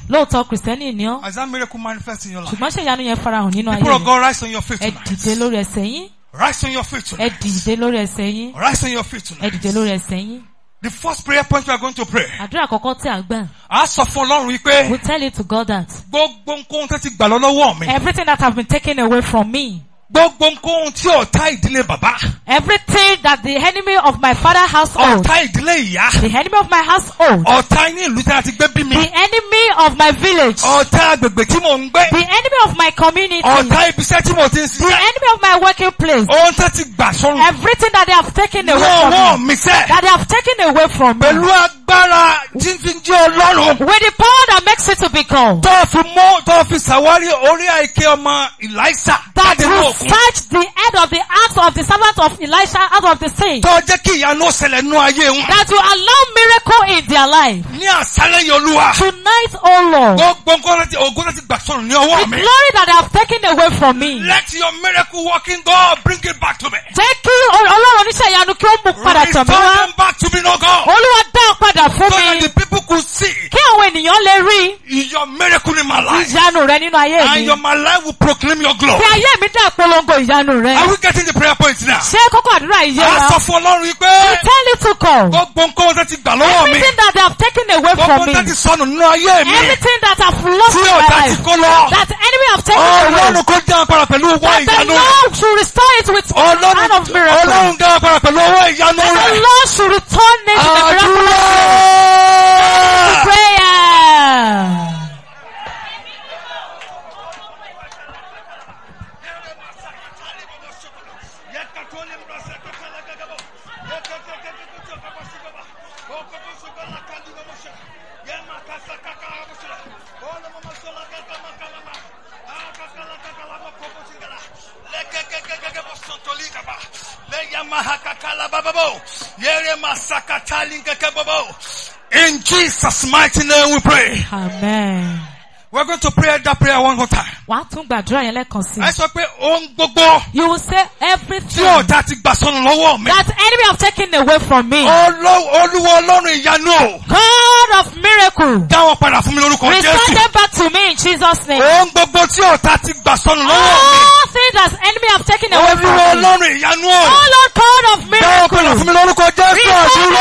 Lóòótọ́ Kristẹni ni ọ́. As that miracle manifest in your life. Ṣùgbọ́n ṣe ìyanu yẹn farahàn nínú ayé rẹ̀. People of God rise on your faith tonight. Ẹ dìde lórí ẹsẹ̀ ẹsẹ̀ yín. Rise on your feet tonight. Ẹ dìde lórí ẹsẹ̀ yín. Rise on your feet tonight. Ẹ dìde lórí ẹsẹ̀ yín. The first prayer point we are going to pray. Àdúrà àkọ́kọ́ tí a gbà. A sọ fún Ọlọ́run wípé. We tell you to God that. Gbogbo nǹkan tó ti gbà lọ́wọ́ mi. Everything that have been taken away from me. Gbogbo nǹkan tí ọ̀tá ìdílé bàbá. Everything that the enemy of my father house owns. Ọ̀tá ìdílé ìyá. The enemy of my house owns. Ọ̀tá ní ìlú tí a ti gbé bí mi. The enemy of my village. Ọ̀tá agbègbè tí mò ń gbé. The enemy of my community. Ọ̀tá ibiṣẹ́ tí mo ti ń ṣiṣẹ́. The enemy of my working place. Ohun tó ti gbà sọ́run. Everything that they have taken away from me. Lọ́wọ́ mi sẹ́. That they have taken away from me. Pẹ̀lú agbẹ́ agbára tí jẹ́ ọlọ́run. with the power that makes it to become, God. tó fi mú tó fi ṣàwárí orí àìké ọmọ Elisha. that will search the head of the axe of the servant of Elisha out of the sea. tó jẹ́ kí ìyanu ṣẹlẹ̀ nú ayé wọn. that will allow miracle in their life. ní àṣálẹ̀ yẹn olúwa. tonight o Lord. gbogbo nǹkan láti ògùn láti gbà sọ̀rọ̀ ní ọwọ́ mi. the glory that they have taken away from me. let your miracle working God bring it back to me. jẹ́ kí ọlọ́run oníṣẹ́ ìyanu kí ó mú padà tọ̀ mí wá. restore them back to me no God. olúwa dá padà padà fún mi. so that the people could see. kí àwọn ènìyàn lè rí. your miracle in my life. ìyanu rẹ nínú ayé mi. and your my life will proclaim your glory. kí ayé mi dà polongo ìyanu rẹ. are we getting the prayer point now. ṣé kókó àdúrà yìí yé wa. a sọ fún Ọlọ́run yìí pé. we tell you to call. gbogbo nǹkan wọn ti gbà lọ́wọ́ mi. everything that they have taken away from me. gbogbo ti sọnù nínú ayé mi. everything that I have lost in my life. tí ọ̀dà ti kó lọ. that enemy have taken away. Ọlọ́run kò dá agbára pẹ̀lú owó ìyanu. that the Lord should restore it with oh, hand of miracle. Ọlọ́run dá agbára pẹ̀lú owó In Jesus' mighty name we pray. Amen. We're going to pray that prayer one more time. Wàá tún gbàdúrà yẹn lẹ́ẹ̀kan sí. Ẹ sọ pé ohun gbogbo. You will say everything. Tí ọ̀tá ti gbà sọnù lọ́wọ́ mi. That enemy have taken away from me. Olúwa Ọlọ́run ìyanu o. God of miracle. Dá padà fún mi lórúkọ Jésù. Return them back to me in Jesus name. Ohun gbogbo tí ọ̀tá ti gbà sọnù lọ́wọ́ mi. All things that enemy have taken away from me. Olúwa Ọlọ́run ìyanu o. Oh Lord God of miracle. Dá padà fún mi lórúkọ Jésù àdúrà. them back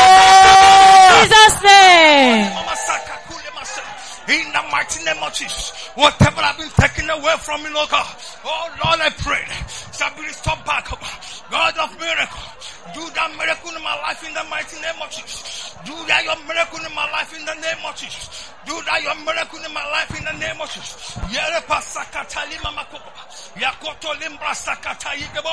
to me in Jesus name. In the mighty name of Jesus, whatever I've been taken away from me, Lord God, oh Lord, I pray, shall be restored back. God of miracle, do that miracle in my life in the mighty name of Jesus. Do that your miracle in my life in the name of Jesus. Do that your miracle in my life in the name of Jesus. Yerepa sakata lima makopa. Yakoto limbra sakata yigebo.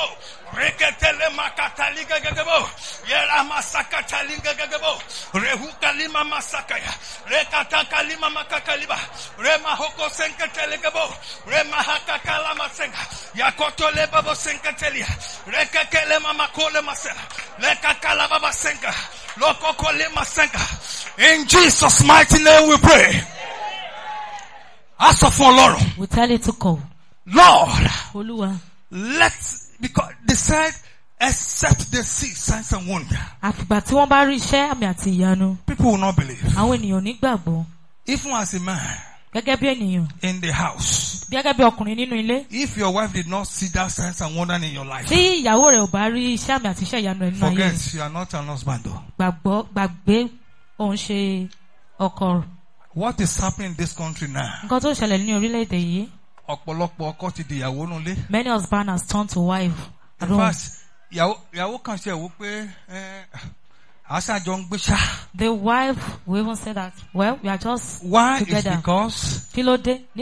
Rekete lema kata liga gagebo. Yerama sakata liga gagebo. Rehuka lima masakaya. Rekata kalima makata. kaliba rema hoko senkatele gabo rema hakakala masenga yakoto le babo senkatelia rekakele mama kole masela lekakala baba senka lokoko le masenka in Jesus mighty name we pray Ask for Lord. we tell it to come Lord Olúwa let's because they said except they see signs and wonders. people will not believe. àwọn ènìyàn ò ní Even as a man. Gẹ́gẹ́ bí ènìyàn. In the house. Gẹ́gẹ́ bí ọkùnrin nínú ilé. If your wife did not see that sense and wonder in your life. Tí ìyàwó rẹ̀ ò bá rí iṣẹ́ àmì àti iṣẹ́ ìyanu ẹ̀ nínú ayé. Forget you are not an husband Gbàgbọ́ gbàgbé òun ṣe ọkọ. What is happening in this country now? Nǹkan tó ṣẹlẹ̀ ní orílẹ̀-èdè yìí. Ọ̀pọ̀lọpọ̀ ọkọ ti di ìyàwó nulẹ̀. Many husbands has turned to wife. In fact, ìyàwó kan ṣe wò pé. Eh, aṣáájọ ń gbéṣá. the wife we even say that well we are just Why together. why is because. kí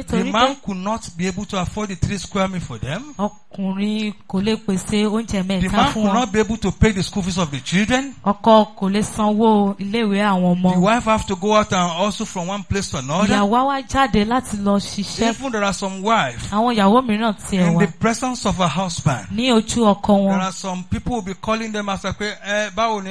the man could not be able to afford the three square meal for them. the man could not be able to pay the school fees of the children. the wife have to go out and also from one place to another. even there are some wives. in the presence of a husband. there are some people who be calling them as a pe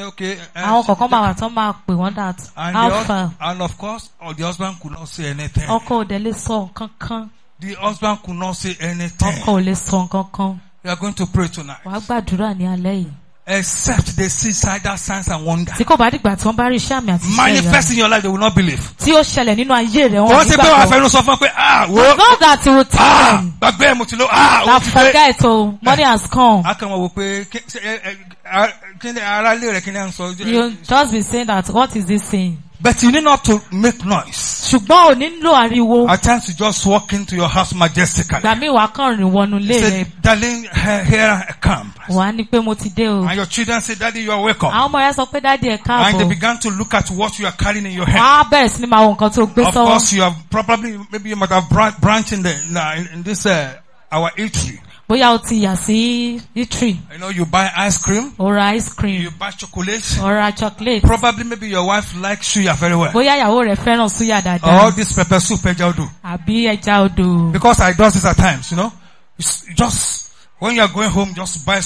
okay. Eh, àwọn kọ̀ọ̀kan máa wà tán máa pè wọ́n that how far. and of course the husband could not say anything. ọkọ ò dẹ̀ sọ nǹkan kan. the husband could not say anything. ọkọ ò lè sọ nǹkan kan. we are going to pray tonight. wàá gbàdúrà ní alẹ́ yìí except they see signs signs and wonders. tí kò bá dìgbà tí wọ́n bá rí iṣẹ́ àmì àti iṣẹ́ ìyanu. manifest in your life they will not believe. tí ó ṣẹlẹ̀ nínú ayé rẹ̀ wọn nígbàgbọ́. wọ́n ṣe pé wàá fẹnu sọ fún pé ah wo. I know that you will tell ah, gbàgbé ẹ̀ mo ti lo ah o ti pé. na forget o oh, money has come. a wò pé kí eh, eh, ni ara lè kí ni à ń sọ. you just be saying that what is this thing. But you need not to make noise. Ṣùgbọ́n ò ní lo ariwo. At times you just walk into your house majestically. Gbà mí wàá kàn rìn wọnú ilé rẹ. Say darling here I come. Wà á ní pé mo ti dé o. And your children say daddy you are welcome. Àwọn ọmọ rẹ sọ pé daddy ẹ káàbọ̀. And they began to look at what you are carrying in your hand. Wọ́n bẹ̀rẹ̀ sí ní máa wo nǹkan tó gbé sọ́wọ́. Of course you have probably maybe you might have branch in in, this uh, our eatery bóyá o ti yà sí eatery. you know you buy ice cream. o ice cream. you buy chocolate. o ra chocolate. probably maybe your wife like suya very well. bóyá ìyàwó rẹ fẹ́ràn suya dáadáa. all this pepper soup ẹja odò. àbí ẹja odò. because I do this at times you know it's just When you are going home, just buy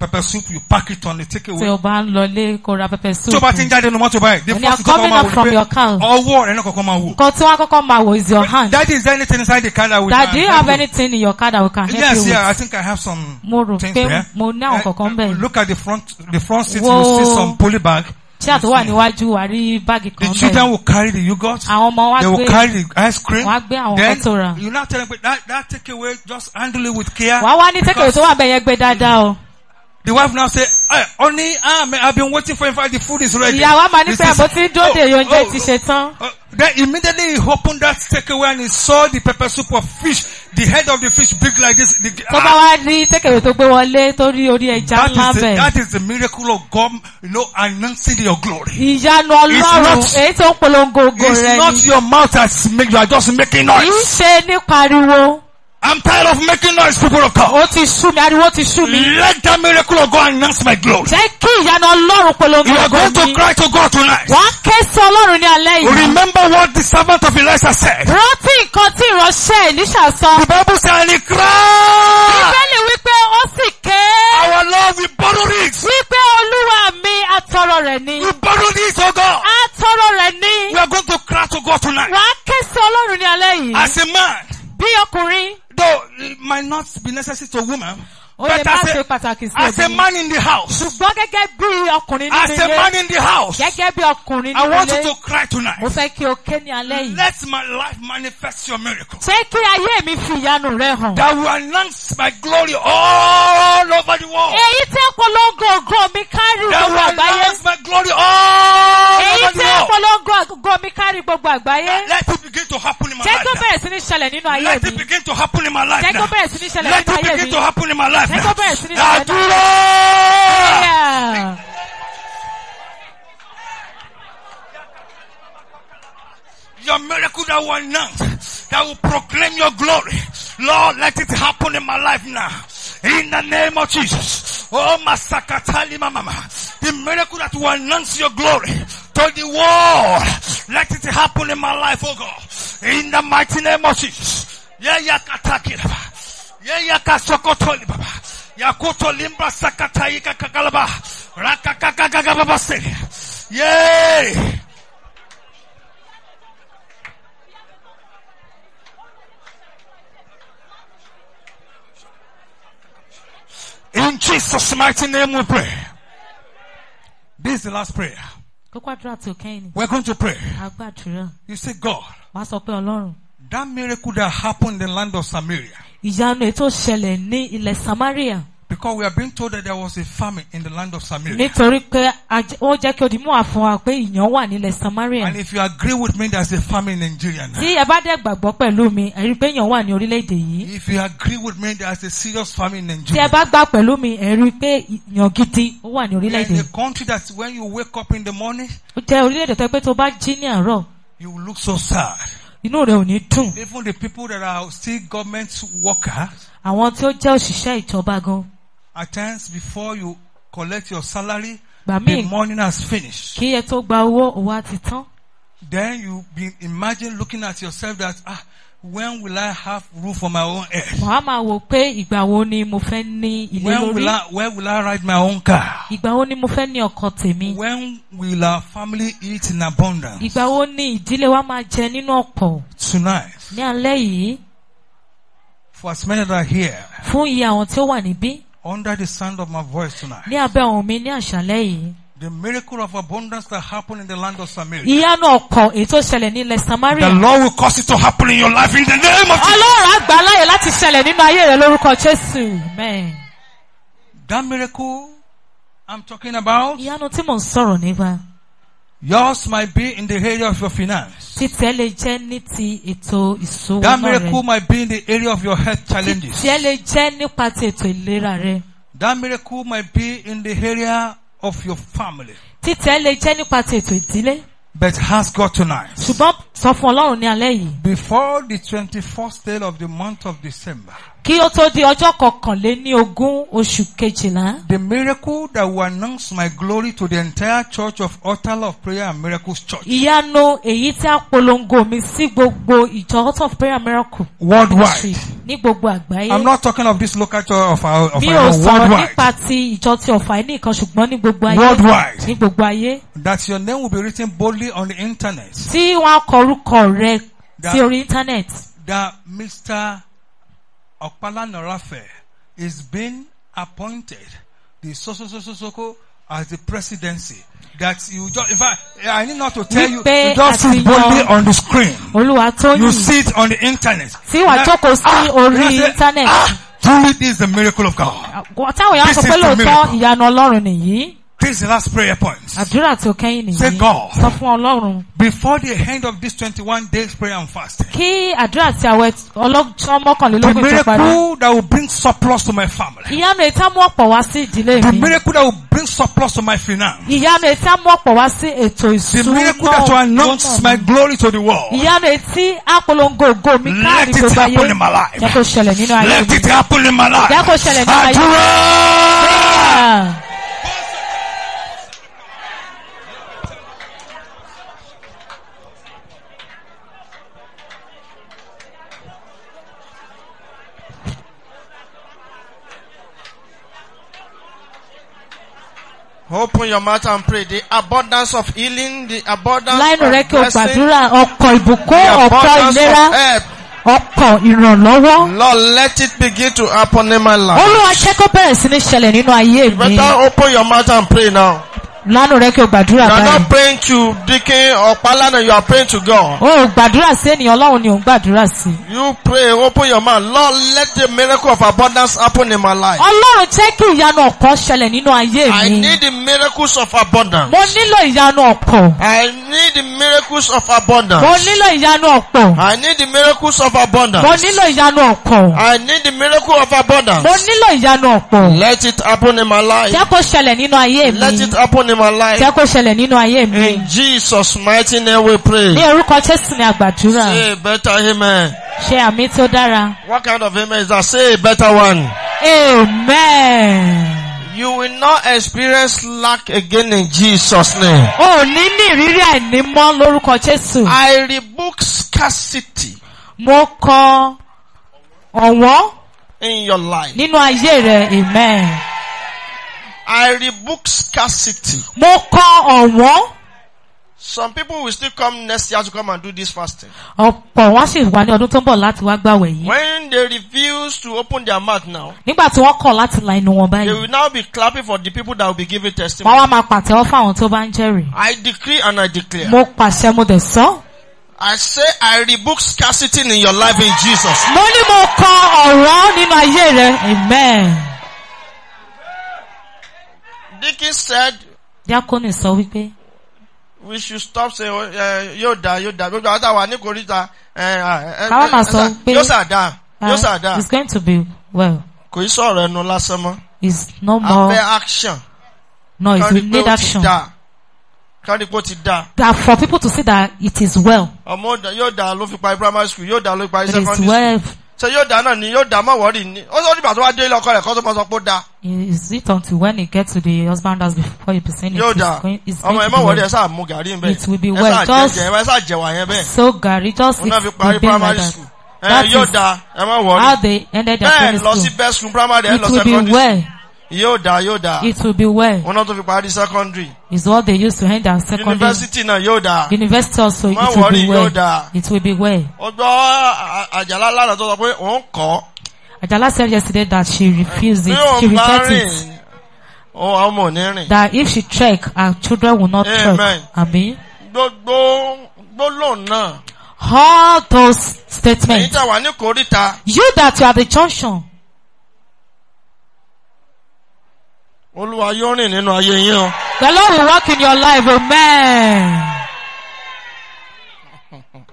pepper soup, you pack it on, you take it away. So o bá ń pepper soup. Tí o bá ti ń jáde ní mọ́tò you are coming up from your car. Ọwọ́ rẹ̀ náà kọ́kọ́ máa wò. Nǹkan is your hand. Daddy, is there anything inside the car that we can Daddy, do you have anything in your car that we can help yes, yeah, I think I have some Moro, things there. Mo rò eh, eh, Look at the front, the front seat, you see some poly bag tí àtọ̀ wà níwájú wà rí báàgì kan bẹ́ẹ̀. the children will carry the yogurt. àwọn ọmọ wa gbé they will carry the ice cream. wọ́n á gbé àwọn kan tó ra. you now tell them that that take away just handle it with care. wàá wá ní take away tó wà bẹ́ẹ̀ yẹn gbé dáadáa o. The wife now say, hey, eh, honey, I'm, ah, I've been waiting for him, the food is ready. Ìyàwó àmà ní pé àbótí dóde oh, oúnjẹ oh, ti ṣe tán. Oh, Then immediately he opened that takeaway and he saw the pepper soup of fish, the head of the fish big like this. The, ah, tó bá ah. wá That is the miracle of God, you know, announcing your glory. Ìyanu Ọlọ́run It's not your mouth that's making you are just making noise. I'm tired of making noise, people of God. What is sú mi, ariwo ti sú Let that miracle of God announce my glory. Take kí ìyanu Ọlọ́run polongo ọgọ́ mi. You are going to cry to God tonight. Wà á ké sí Ọlọ́run Remember what the servant of Elisha said. The Bible say, and he cried. Our Lord we borrow it. We borrow it, O oh God. We are going to cry to God tonight. Wà á ké sí Ọlọ́run As a man. be Bí ọkùnrin. Though it might not be necessary to woman. Ó lè má ṣe As a man in the house. As a man in the house. I want you to cry tonight. Let my life manifest your miracle. That will announce my glory all over the world. That will announce my glory all over the world. Let it begin to happen in my life. Let it begin to happen in my life Let it begin to happen in my life. Take up it. Your miracle that will announce, that will proclaim your glory. Lord, let it happen in my life now. In the name of Jesus. Oh, Masakatali Mama. The miracle that will announce your glory to the world. Let it happen in my life, oh God. In the mighty name of Jesus. Yeah, yeah, yeye kasokotoli baba yakuto limba sakataika kakalaba rakakakakakababaseri yey In Jesus' mighty name we pray. This is the last prayer. We're going to pray. You say, God, that miracle that happened in the land of Samaria. ìyanu ètò ṣẹlẹ̀ ní ilẹ̀ Samaria. Because we are being told that there was a famine in the land of Samaria. Nítorí pé ó jẹ́ kí odi mú àfọ̀n wa pé ìyàn wà nílẹ̀ Samaria. And if you agree with me there is a famine in Nigeria now. Tí ẹ bá dẹ̀ gbàgbọ́ pẹ̀lú mi, ẹ rí pé ìyàn wà ní orílẹ̀-èdè yìí. If you agree with me there is a serious famine in Nigeria. Tí ẹ bá gbà pẹ̀lú mi, ẹ rí pé ìyàn gidi ó wà ní orílẹ̀-èdè in a country that when you wake up in the morning. Ó jẹ́ orílẹ̀-èdè tó pé tó bá jí ní àárọ̀. You look so sad inú rẹ̀ ò ní dùn. even the people that are still government workers. àwọn tí ó jẹ́ òṣìṣẹ́ ìjọba gan. at times before you collect your salary. gbà míì the morning has finished. kí ẹ tó gba owó òwò àti tán. then you be imagine looking at yourself that ah when will I have roof for my own head? wàá máa wò pé ìgbà wo ni mo fẹ́ ní ilé lórí. when will I ride my own car? ìgbà wo ni mo fẹ́ ní ọkọ̀ tèmi? when will our family eat in abundance? ìgbà wo ni ìdílé wa máa jẹ nínú ọ̀pọ̀? tonight. ní alẹ́ yìí. for as many that are here. fún iye àwọn tí ó wà níbí. under the sound of my voice tonight. ní abẹ́ ohùn mi ní àṣálẹ́ yìí. The miracle of abundance that happened in the land of Samaria. Ìyanu ọkàn èyí tó ṣẹlẹ̀ ní ilẹ̀ Samaria. The Lord will cause it to happen in your life in the name of Jesus. Ọlọ́run á gbà láyè láti ṣẹlẹ̀ nínú ayé rẹ lórúkọ Jésù. Amen. That miracle I'm talking about. Ìyanu tí mò ń sọ̀rọ̀ nípa. Yours might be in the area of your finance. Títẹ̀ lè jẹ́ ní ti ètò That miracle might be in the area of your health challenges. Títẹ̀ lè jẹ́ nípa ti ètò ìlera That miracle might be in the area of your family. títẹ̀ lè jẹ́ nípa ti ètò ìdílé. But has God tonight. Ṣùgbọ́n sọ fún Ọlọ́run ní alẹ́ yìí. Before the twenty-first day of the month of December. Kí ó tó di ọjọ́ kọkànléní ogún oṣù kejìlá. The miracle that will announce my glory to the entire church of Altar of Prayer and Miracles Church. Ìyanu èyí tí a polongo mi sí gbogbo ìjọ Altar of Prayer and Miracles. Worldwide. Ní gbogbo àgbáyé. I'm not talking of this local church of our of our worldwide. Mi ò sọ̀rọ̀ nípa ti ìjọ ti ọ̀fà nìkan ṣùgbọ́n ní gbogbo ayé. Worldwide. Ní gbogbo ayé. That your name will be written boldly be on the internet. tí wọ́n á kọ sí orí internet. that Mr. Opalana Raphael is being appointed the so-so-so-so-so as the presidency that you just in fact I need not to tell you you just see boldly on the screen you see it on the internet tí wàá jókòó sí ah, orí internet. Ah, truly this is the miracle of God. This is sọ pé lóòótọ́ Ọlọ́run nìyí. This is the last prayer point. Àdúrà tí ó kẹ́yìn nìyí. Say God. Sọ fún Ọlọ́run. Before the end of this twenty-one days prayer and fasting. Kí àdúrà tí àwẹ̀ ọlọ́jọ́ mọ́kànlélógún tó parí. The miracle that will bring surplus to my family. Ìyanu èyí mú ọ̀pọ̀ wá sí ìdílé mi. The miracle that will bring surplus to my finance. Ìyanu èyí mú ọ̀pọ̀ wá sí ètò ìṣúná. The miracle that will announce my glory to the world. Ìyanu èyí tí ògo mi káàrí gbogbo ayé. Let it happen in my life. Let it happen in my life. Jẹ́ Open your mouth and pray. The abundance of healing, the abundance of blessing, gbàdúrà ọkọ̀ ìbùkún, Lord let it begin to happen in my life. Olúwa ṣé bẹ̀rẹ̀ sí ní ṣẹlẹ̀ nínú ayé mi. You better open your mouth and pray now lánàá rẹ kí o gbàdúrà báyìí. you are not praying to Dikin or Palana you are praying to God. o ò gbàdúrà sí ènìyàn Ọlọ́run ni ò ń gbàdúrà sí. you pray open your mouth Lord let the miracle of abundance happen in my life. Ọlọ́run jẹ́ kí ìyanu ọ̀kọ́ ṣẹlẹ̀ nínú ayé mi. I need the miracles of abundance. mo nílò ìyanu ọ̀pọ̀. I need the miracles of abundance. mo nílò ìyanu ọ̀pọ̀. I need the miracles of abundance. mo nílò ìyanu ọ̀pọ̀. I need the miracle of abundance. mo nílò ìyanu ọ̀pọ̀. let it happen in my life. jẹ́ kó ṣẹlẹ̀ nínú ayé mi. let it happen in my life. Jẹ́ kó ṣẹlẹ̀ nínú ayé mi. In Jesus mighty name we pray. Ní orúkọ Jésù ni àgbàdúrà. Say a better amen. Ṣé àmì tó dára. What kind of amen is that? Say a better one. Amen. You will not experience lack again in Jesus' name. O ní ní ìrírí àìní mọ́ lórúkọ Jésù. I rebuke scarcity. Mo kọ ọ̀wọ́n. In your life. Nínú ayé rẹ̀, amen. I rebuke scarcity. Mo kọ ọ̀wọ́n. Some people will still come next year to come and do this fasting. Ọ̀pọ̀ wá sì wá ní ọdún tó ń bọ̀ láti wá gbàwẹ̀ yìí. When they refuse to open their mouth now. Nígbà tí wọ́n kọ̀ láti la inú wọn báyìí. They will now be clapping for the people that will be giving testimony. Wọ́n wá máa pàtẹ́wọ́ fáwọn tó bá ń jẹ́rìí. I decree and I declare. Mo pàṣẹ mo dẹ̀ sọ. I say I rebuke scarcity in your life in Jesus. Mo ní mo kọ ọ̀rọ̀ nínú ayé rẹ̀. Amen. Dickie said. Diakoni sọ wípé. We should stop saying oh, eh, yóò dá yóò dá gbogbo àwọn àtàwọn níkoríta. Eh, eh, Káwá máa sọ pé yóò sà dá yóò sà dá. It's going to be well. Kò í sọ̀rọ̀ ẹnu lásán mọ́. It's no more. Afẹ́ action. No, it's we need action. Kárí pé ó ti dá. That for people to see that it is well. Ọmọ yóò dá ló fi parí primary school yóò dá ló fi parí secondary school. It is well ṣe yóò dá náà ni yóò dá mọ́ wọ́ọ̀rì ni ó sọ nígbà tó wá dé ilé ọkọ rẹ̀ kó tó mọ sọ pé ó dá. is it until when you get to the husband house before you present it. yóò ọmọ ẹ mọ wọ́ọ̀rì ẹ sáà mú gàrí bẹ́ẹ̀ it will be well just ẹ sáà jẹ̀wà yẹn bẹ́ẹ̀. so gàrí just it will be like that. that is how they ended their primary school. it will be well yóò dá yóò dá. it will be well. wọn náà tún fi parí secondary. is what they use to end our secondary. university náà yóò dá. university also it will be well. it will be well. ọjọ́ àjàlá lára tó sọ pé òun kọ́. Ajala said yesterday that she refused it. She rejected it. Oh, ọmọ ò That if she trek, her children will not Amen. trek. Àmín. All those statements. You that you are the junction. Olúwa yóò rìn nínú ayé yín o. The Lord will work in your life, amen.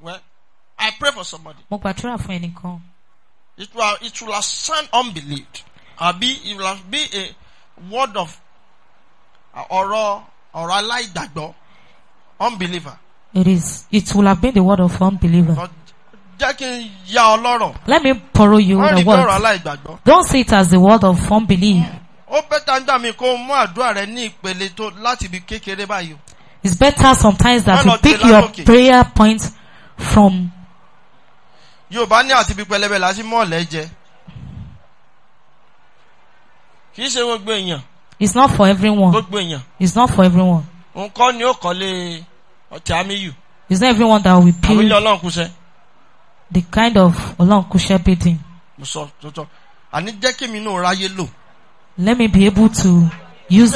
Well, I pray for somebody. Mo gbàdúrà fún ẹnìkan. It will it will ascend unbelief. Àbí it will be a word of ọ̀rọ̀ ọ̀rọ̀ aláìgbàgbọ́ unbeliever. It is. It will have been the word of unbeliever. But jẹ́ kí n ya ọ lọ́rọ̀. let me borrow you the word. wọ́n don't see it as the word of unbelief. ó bẹ́tà ń gbà mí kó o mú àdúrà rẹ ní ìpele tó láti ibi kékeré báyìí. it's better sometimes that you pick your prayer point from. yorùbá ní àti ibi pẹlẹbẹ láti mọ̀ọ́lẹ́ jẹ. kì í ṣe gbogbo èèyàn. it's not for everyone. gbogbo èèyàn. it's not for everyone. nǹkan ni ó kọ́lé ọ̀tí àmì it's not everyone that will pay. àwọn ilé ọlọ́run kù sẹ́ the kind of ọlọ́nkúṣẹ́ bidding. mo sọ tuntun àní jẹ́ kí mi náà ráyé lò. let me be able to use.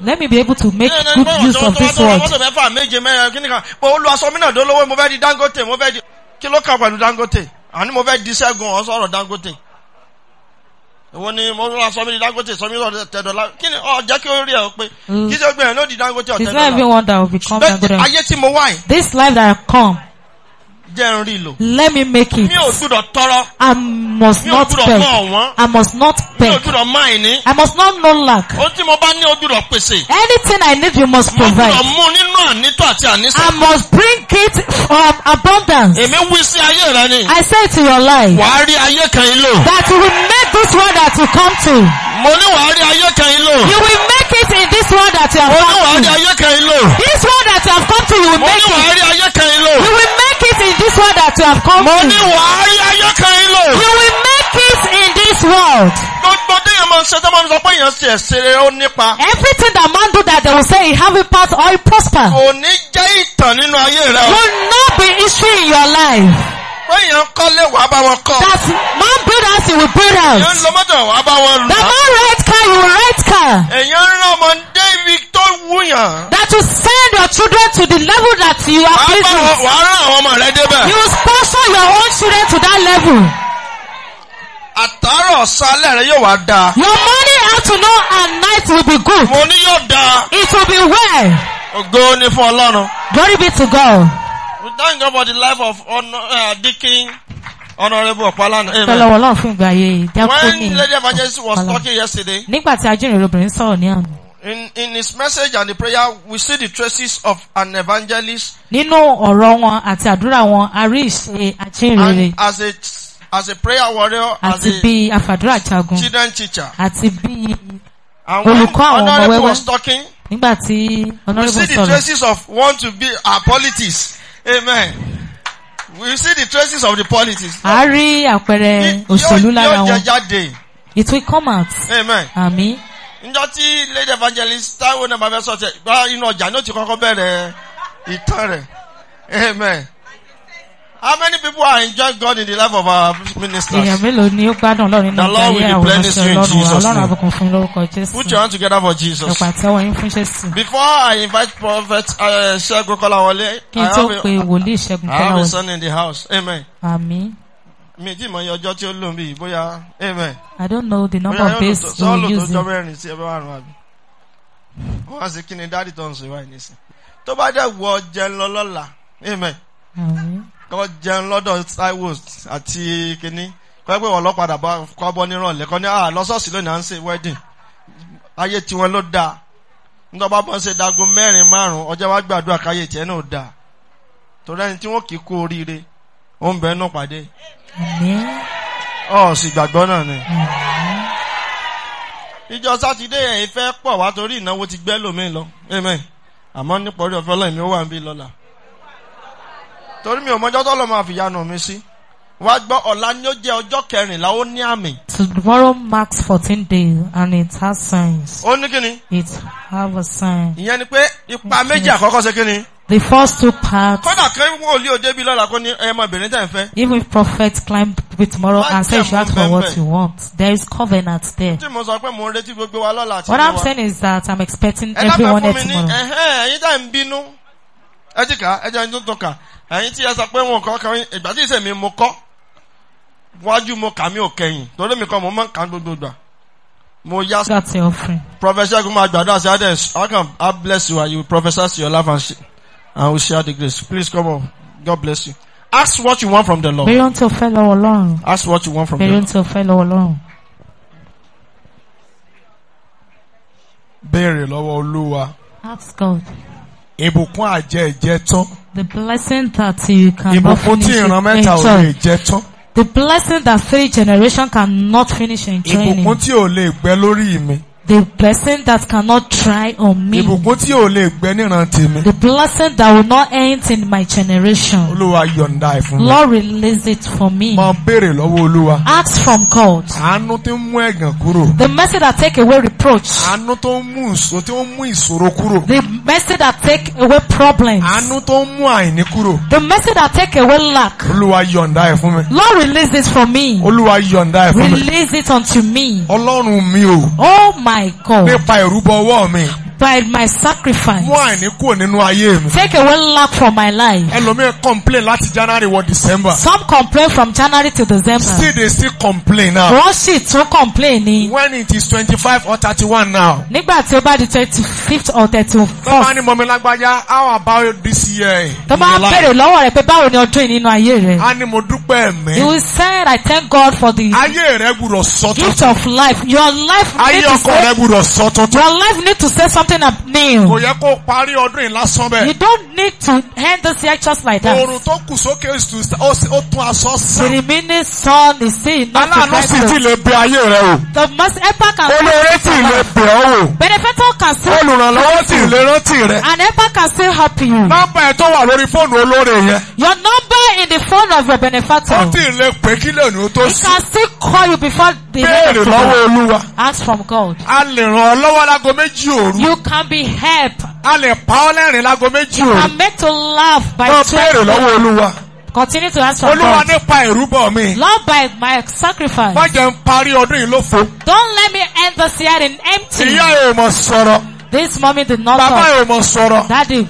let me be able to make good use of this word. ọ̀sán olú aṣọ mi náà dolówó mo fẹ́ di Dangote mo fẹ́ di kí ló kà pẹ̀lú Dangote àní mo fẹ́ di Ṣẹ́gun ọ̀sọ̀rọ̀ Dangote. Èwo ni mo lọ sọ mi di Dangote sọ mi lọ tẹ kí ni ọ jẹ́ kí o rí ẹ pé kí mm. ṣe gbìyànjú ló di Dangote ọ̀tẹ̀ dọ́là. It's not everyone that will become Dangote. Ayé tí mo wá yìí. This life that I come jẹ́ n rí lò. let me make it. mi ò gbúdọ̀ tọrọ. I must not beg. mi ò gbúdọ̀ mọ̀ wọ́n. I must not beg. mi ò gbúdọ̀ má ìní. I must not know lack. ohun tí mo bá ní o gbúdọ̀ pèsè. anything I need you must provide. mo gbúdọ̀ mú nínú ànító àti àníṣe. I must bring it from abundance. èmi wí sí ayé rẹ ni. I say to your life. wàá rí ayé kan yìí lò. that you will make this world that you come to. mo ní wàá rí ayé kan yìí lò. you will make it in this world that you have come to. mo ní wàá rí ayé kan yìí lò. this world that you have come to you will make it. mo ní wàá rí ayé kan yìí lò. you will make make it in this world that you have come to. Mo ní wàá rí ayé kan yín lò. You will make it in this world. Gbogbo téèyàn máa ń ṣe tó máa ń sọ pé èèyàn ṣe ẹ̀ṣẹ̀ ó nípa. Everything that man do that they will say he have a path, or he prosper. Kò ní jẹ́ ìtàn nínú ayé rẹ. Will not be issue in your life pé èèyàn kọ́lé wàá bá wọn kọ́. that man build house he will build house. èèyàn lọ mọ́tò wàá bá wọn lọ. the man rent car he will rent car. èèyàn rán ọmọ débi tó wúyàn. that you send your children to the level that you are pleased with. wàá rán àwọn ọmọ rẹ débẹ̀. you sponsor your own children to that level. Àtàárọ̀ sálẹ̀ rẹ yóò wá dáa. Your morning afternoon and night will be good. Mo ní yóò dáa. It will be well. Ògo ni fún Ọlọ́run. Glory be to God. We thank God for the life of honor, uh, Deacon Honorable Opalana. Amen. Tọ́lọ̀ wọ́n lọ́n fún ìgbà ayé When Lady Evangelist was talking yesterday. Nígbà tí ajínrere obìnrin sọ̀rọ̀ ní àná. In, in his message and the prayer, we see the traces of an evangelist. Nínú ọ̀rọ̀ wọn àti àdúrà wọn, a rí ìṣe ajínrere. And as a as a prayer warrior. Àti bí afàdúrà jagun. Children teacher. Àti bí olùkọ́ àwọn ọmọ wẹ́wẹ́. And when Honorable was talking. Nígbà tí Honorable sọ̀rọ̀. We see the traces of want to be our politics. Amen. We see the traces of the politics. A rí àpẹẹrẹ òṣèlú lára wọn. It will come out. Amen. Àmín. Njọ́ tí lady evangelist Táíwò náà máa fẹ́ sọ̀tẹ̀ bá inú ọjà ní ó ti kọ́kọ́ bẹ̀rẹ̀ ìtàn rẹ̀. Amen. How many people are enjoying God in the life of our ministers? The Lord will ó gbádùn Ọlọ́run nínú ìgbàlẹ́ àwọn Put your hands together for Jesus. Before I invite Prophet uh, Ṣẹ́gun Kọ́láwọlé, kí n tó pe I have a son in the house. Amen. Amen. I don't know the number of days we will Amen kọ́ jẹun lọ́dọ̀ Taiwo àti kínní kọ́ ẹ pé wọ́n lọ́padà bá kọ́ bọ́ nírọ̀lẹ́ kọ́ ní à ah, lọ́sọ̀ọ̀sì lónìí à ń ṣe wedding ayé tiwọn ló dáa nítorí bá bọ́n ṣe dago mẹ́rin márùn-ún ọjọ́ wa gbàdúrà káyé tiẹ̀ náà dáa torí ẹni tí wọ́n kì í kú oríire ó ń bẹ náà pàdé ọ̀ sì gbàgbọ́ náà ni. ìjọ sátidé ẹ̀yin fẹ́ pọ̀ wá torí ìnáwó ti gbẹ́ lómi lọ àmọ́ nípa orí ọ̀fẹ́ ọlọ́run torí mi ò mọjọ́ tó lọ máa fi yanu mi sí wá gbọ́ ọ̀la ni ó jẹ́ ọjọ́ kẹrìnlá ó ní àmì. tomorrow marks fourteen days and it has signs. ó ní kíni. it has a sign. ìyẹn ni pé ipa méjì àkọ́kọ́ ṣe kíni. The first two parts. Kódà kí wòlíì òde bí lọ́la kó ní ẹmọbìnrin tẹ̀ ń fẹ́. Even if prophet climb be tomorrow and say you ask for what you want, there is covenant there. Tí mo sọ pé mo ń retí gbogbo wa lọ́la àti ìwọ. What I'm saying is that I'm expecting everyone here tomorrow. Ẹ dábàá fún mi ní ẹ̀hẹ́n ẹ̀yin dá ń bínú. Ẹ ti kà ẹ jẹ́ ẹni tó tó kà ẹ̀yin tí ẹ sọ pé wọn kọ́ kọ́ ìgbà tí ìsèmi mo kọ́ wájú mo kà mí ò kẹ́yìn torí mi kọ́ mo máa ń kà gbogbo gbà mo yá. that's your friend. professor gun ma gbàdúrà sí adé how can I bless you and you professor see your life and, and we share the grace please come on God bless you. ask what you want from the Lord. bẹ́ẹ̀ tí o fẹ́ lọ́wọ́ Ọlọ́run. ask what you want from the Lord. bẹ́ẹ̀ tí o fẹ́ lọ́wọ́ Ọlọ́run. béèrè lọ́wọ́ Olúwa. ask God. ìbùkún àjẹ́ ìjẹ́ tán. The blessing that you can ìbùkún tí ìran mẹ́ta ò lè jẹ tán. The blessing that three generations cannot finish enjoying. ìbùkún tí ò lè gbẹ lórí mi. The blessing that cannot try on me. Ìbùkún tí ò lè gbẹ níran tèmi. The blessing that will not end in my generation. Olúwa yọ̀ǹda ẹ̀ fún mi. Lord release it for me. Máa béèrè lọ́wọ́ Olúwa. Ask from God. Àánú tí ń mú ẹ̀gàn kúrò. The mercy that take away reproach. Àánú tó ń mú ìṣòro tí ń mú ìṣòro kúrò. The mercy that take away problems. Àánú tó ń mú àìní kúrò. The mercy that take away lack. Olúwa yọ̀ǹda ẹ̀ fún mi. Lord release it for me. Olúwa yọ̀ǹda ẹ̀ fún mi. Release it unto me. Ọlọ́run mi o. Oh my. I call. Nípa ìrúbọ ọwọ́ mi by my sacrifice. mú àìní kúrò nínú ayé mi. take away lack from my life. ẹlòmíràn complain láti January wọ December. some complain from January to December. still dey still complain now. wọ́n sì tún complain ni. when it is twenty-five or thirty-one now. nígbà tí ó bá di twenty-fifth or thirty-fourth. tó ní mọ̀mí how about this year. tó bá bèrè lọ́wọ́ rẹ̀ pé báwo ni ọdún yìí nínú ayé rẹ̀. a ní mo dúpẹ́ mi. you said I thank God for the. ayé rẹ gbúdọ̀ sọ gift of life your life ayé ọkọ rẹ gbúdọ̀ sọ your life need to say something starting up new. kò yẹ kó parí ọdún yìí lásán bẹ́ẹ̀. you don't need to end this year just like that. oòrùn tó kù sókè ó tún aṣọ sàn. the remaining sun is still enough to dry the. aláàánú sì ti lè bẹ ayé rẹ o. the most helper can. olóore sì lè bẹ ọ wò. benefactor can still. olùrànlọ́wọ́ sì lè rántí rẹ. an helper can still help you. nọ́mbà ẹ tó wà lórí fóònù olóore yẹn. your number in the phone of your benefactor. ó ti lè pè kí lè ní tó sùn. he can still call you before béèrè lọ́wọ́ olúwa. ask from God. a lè ràn ọ́ lọ́wọ́ lágo méjì òru. you can be helped. a lè pa ọ́ lẹ́rìn lágo méjì òru. you can make to laugh by twelve. lọ béèrè lọ́wọ́ olúwa. Continue to ask for God. Olúwa nípa ìrúbọ mi. Lord by my sacrifice. Má jẹ́ n parí ọdún yìí lófo. Don't let me end this year in empty. Ìyá ò mọ̀ sọ̀rọ̀. This mommy did not Baba talk. Bàbá ò mọ̀ sọ̀rọ̀. Daddy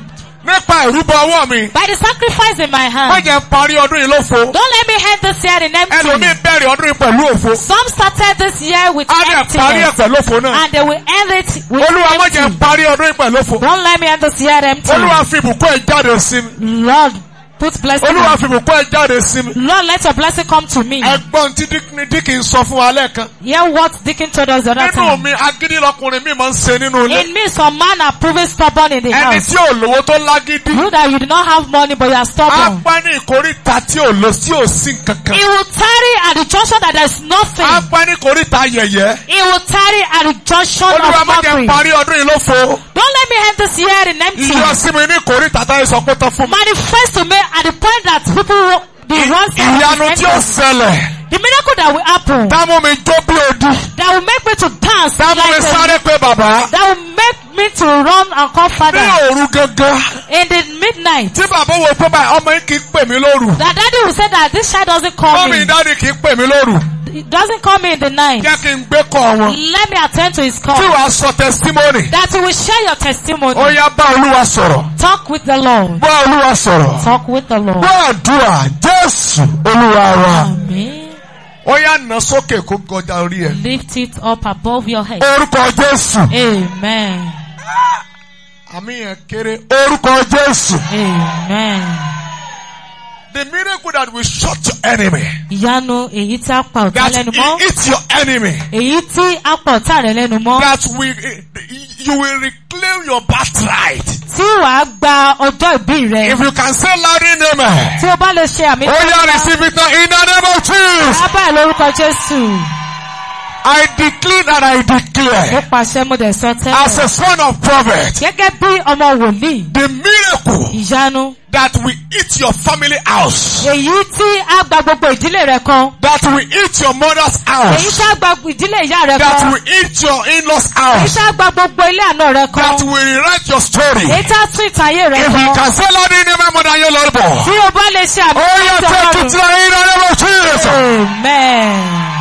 Nípa ìrúbọ ọwọ́ mi. By the sacrifice in my hand. Má jẹ́ parí ọdún yìí lófo. Don't let me end this year in empty. Ẹlòmíì bẹ̀rẹ̀ ọdún yìí pẹ̀lú òfo. Some started this year with empty Á jẹ́ parí ẹ̀ pẹ̀lú náà. And they will end it with empty. Olúwa má jẹ́ parí ọdún yìí pẹ̀lú òfo. Don't let me end this year empty. Olúwa fi ìbùkún ẹ̀ jáde sí mi. Lord Put blessing. Olúwa fi ìbùkún ẹ jáde sí mi. Lord let your blessing come to me. Ẹgbọ́n tí Dickin sọ fún wa lẹ́ẹ̀kan. Hear what Dickin told us the other time. Nínú mi, agídí mi máa ń ṣe nínú ilé. In me some man are proving stubborn in the house. Ẹni tí ò lówó tó lágídí. True that you do not have money but you are stubborn. Apá ní ìkórìtà tí ò lọ sí òsín kankan. He will tarry at the junction that there is nothing. Apá ní ìkórìtà yẹ̀yẹ́. He will tarry at the junction of nothing. Olúwa má jẹ́ parí ọdún ìlófo. Don't let me end this year in empty. Ìyọ̀sí mi ní ìkórìtà tá a sọ pé tán fún mi. Manifest to me at the point that people the runs ìyanu tí ó ṣẹlẹ̀. the miracle that will happen. táwọn mi jó bí odi. that will make me to dance. táwọn mi sáré pé bàbá. and call father. ní òru gangan. in the midnight. tí bàbá wo pé báyìí ọmọ yìí kì í pè mí lóru. that daddy will say that this child doesn't call me. mọ́mí dáàdì kì í pè mí lóru. It doesn't call me in the night. Jẹ́ kí n gbé kọ̀ wọn. Let me attend to his call. Tí wàá sọ testimony. That he will share your testimony. Ó yá bá Olúwa sọ̀rọ̀. Talk with the Lord. Bá Olúwa sọ̀rọ̀. Talk with the Lord. Bá àdúrà Jésù Olúwa wa. Ó yá nà sókè kó gọjà orí ẹ. Lift it up above your head. Orúkọ Jésù. Amen àmìyàn kéré orúkọ Jésù. The miracle that will shut your enemy. Ìyanu èyí tí a pa ọ̀tá lẹ́nu mọ́. That will eat your enemy. Èyí tí a pa ọ̀tá rẹ̀ lẹ́nu mọ́. That will you will reclaim your birthright. Tí wàá gba ọjọ́ ìbí rẹ. If you can say loudly name. Tí o bá lè ṣe àmì. Ó oh, receive it now in the name of Jesus. Bàbá lórúkọ Jésù. I declare that I declare. As a son of prophet. The miracle. That we eat your family house. Èyí tí a gba gbogbo ìdílé rẹ kan. That we eat your mother's house. Èyí tí a gba ìdílé ìyá rẹ kan. That we eat your in-laws house. Èyí tí a gba gbogbo ilé àná rẹ kan. That we rewrite your story. Èyí tí a tún ìtàyè rẹ kan. If you can say Lord in the name of the Lord. Tí o bá lè ṣe àbúrò ìjọba rẹ. Ó yẹ kí o tún sí Jésù. Amen.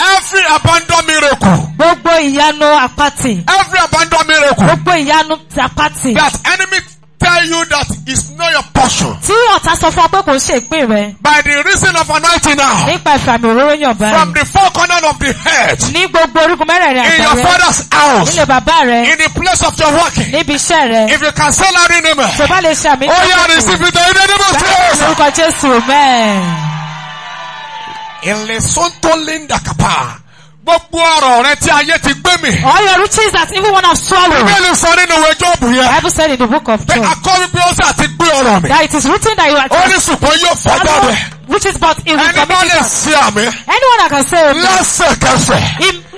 Every abandon miracle. Gbogbo ìyanu apati. Every abandon miracle. Gbogbo ìyanu àpáti. That enemy tell you that it's not your portion. Tí ọ̀tá sọ fún ọ pé kò ń ṣe ìpín rẹ. By the reason of anointing now. Nípa ìfàmì òróró yàn báyìí. From the four corners of the earth. Ní gbogbo orígun mẹ́rẹ̀ẹ̀rin àgbáyé. In your father's house. Nílé bàbá rẹ. In the place of your working. Níbi iṣẹ́ rẹ. If you can sell out name, him. bá lè ṣàmì? Ó yá receive it in the name of Jesus. Báyọ̀ lórúkọ Jésù, amen ìlẹ̀sọ́ntọ́lẹ́ńdà kàpá. Gbogbo ọ̀rọ̀ rẹ tí ayé ti gbé mi. All your riches that even one of swallow. Bíbélì sọ nínú ìwé Jọ́ọ̀bù yẹn. Bible said in the book of Job. Pé akọ́rin bí ó sì àti gbé ọ̀rọ̀ mi. That it is written that you are. Ó ní yóò fọ́ jáde which is but irreconcilable. Anyone that see me. Anyone that can say me. Lẹ́sẹ̀kẹsẹ̀.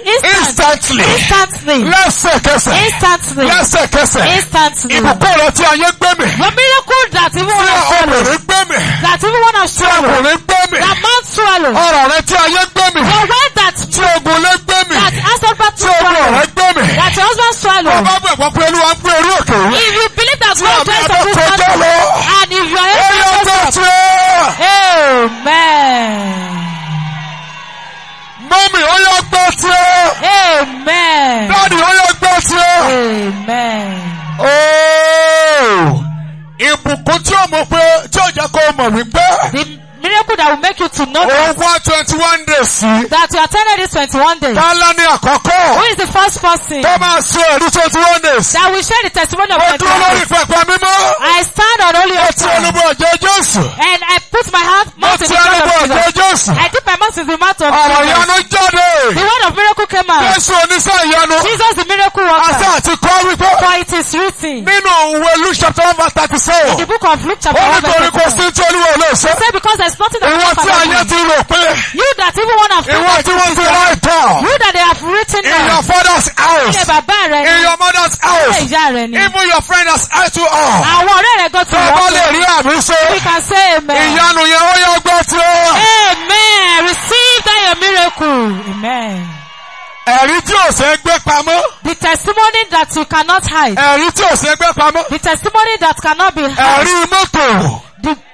Instantly. Instantly. Lẹ́sẹ̀kẹsẹ̀. Instantly. Lẹ́sẹ̀kẹsẹ̀. Instantly. Ìbùkún rẹ̀ tí ayé gbé mi. The miracle that even one has swallowed. Tí obìnrin gbé mi. That even one has swallowed. Tí ọkùnrin gbé mi. That man swallowed. Ọ̀rọ̀ rẹ̀ tí ayé gbé mi. The way that. Tí ogun lé gbé mi. That asopa tí swallowed. Tí ogun rẹ̀ gbé mi. That your husband swallowed. Ọba gbàgbọ́ pé Olúwa ń gbé orí òkè. If you believe that God does the good thing. sí Amen. Dáàdì ó yẹ Amen. Ooo. Ìbùkún tí o mọ̀ pé tí o jẹ́ kó o mọ̀ wípé. miracle that will make you to know. Òun wá twenty one days sí. That you attended this twenty one days. Tálá ni àkọ́kọ́. Who is the first person? Tó máa ṣe ẹ̀rí twenty one days. That we share the testimony of my God. Ó dúró lórí pẹ̀pẹ̀ mímọ́. I stand on holy altar. Mo ti olúbọ̀ ọ̀jẹ̀ Jésù. And I put my hand mouth ti olúbọ̀ ọ̀jẹ̀ Jésù. I dip my mouth in the mouth of Jesus. Ọ̀rọ̀ ìyanu The word of miracle came out. Jésù oníṣẹ́ ìyanu. Jesus the miracle worker. Àṣà àti kọ́ wípé. For it is written. Nínú òwe chapter one verse thirty seven. In the book of Luke chapter one verse thirty seven. Ó ní torí kò sí tí olúwa ò lè He said because there is nothing that Ìwọ tí ayé ti rò You that even one have. Ìwọ tí wọ́n ti write down. You that they have written down. In your father's house. In your mother's house. Even your friend has asked you all. Àwọn ọ̀rẹ́ rẹ̀ gan ti rọ̀. Bàbá lè rí àmì We can say amen. Ìyanu yẹn ó yẹ gbọ́ tí ó Amen. Receive that your miracle. Amen. Ẹ̀rí tí ò ṣe gbé pamọ́. The testimony that you cannot hide. Ẹ̀rí tí ò ṣe gbé pamọ́. The testimony that cannot be hid. Ẹ̀rí mọ́tò.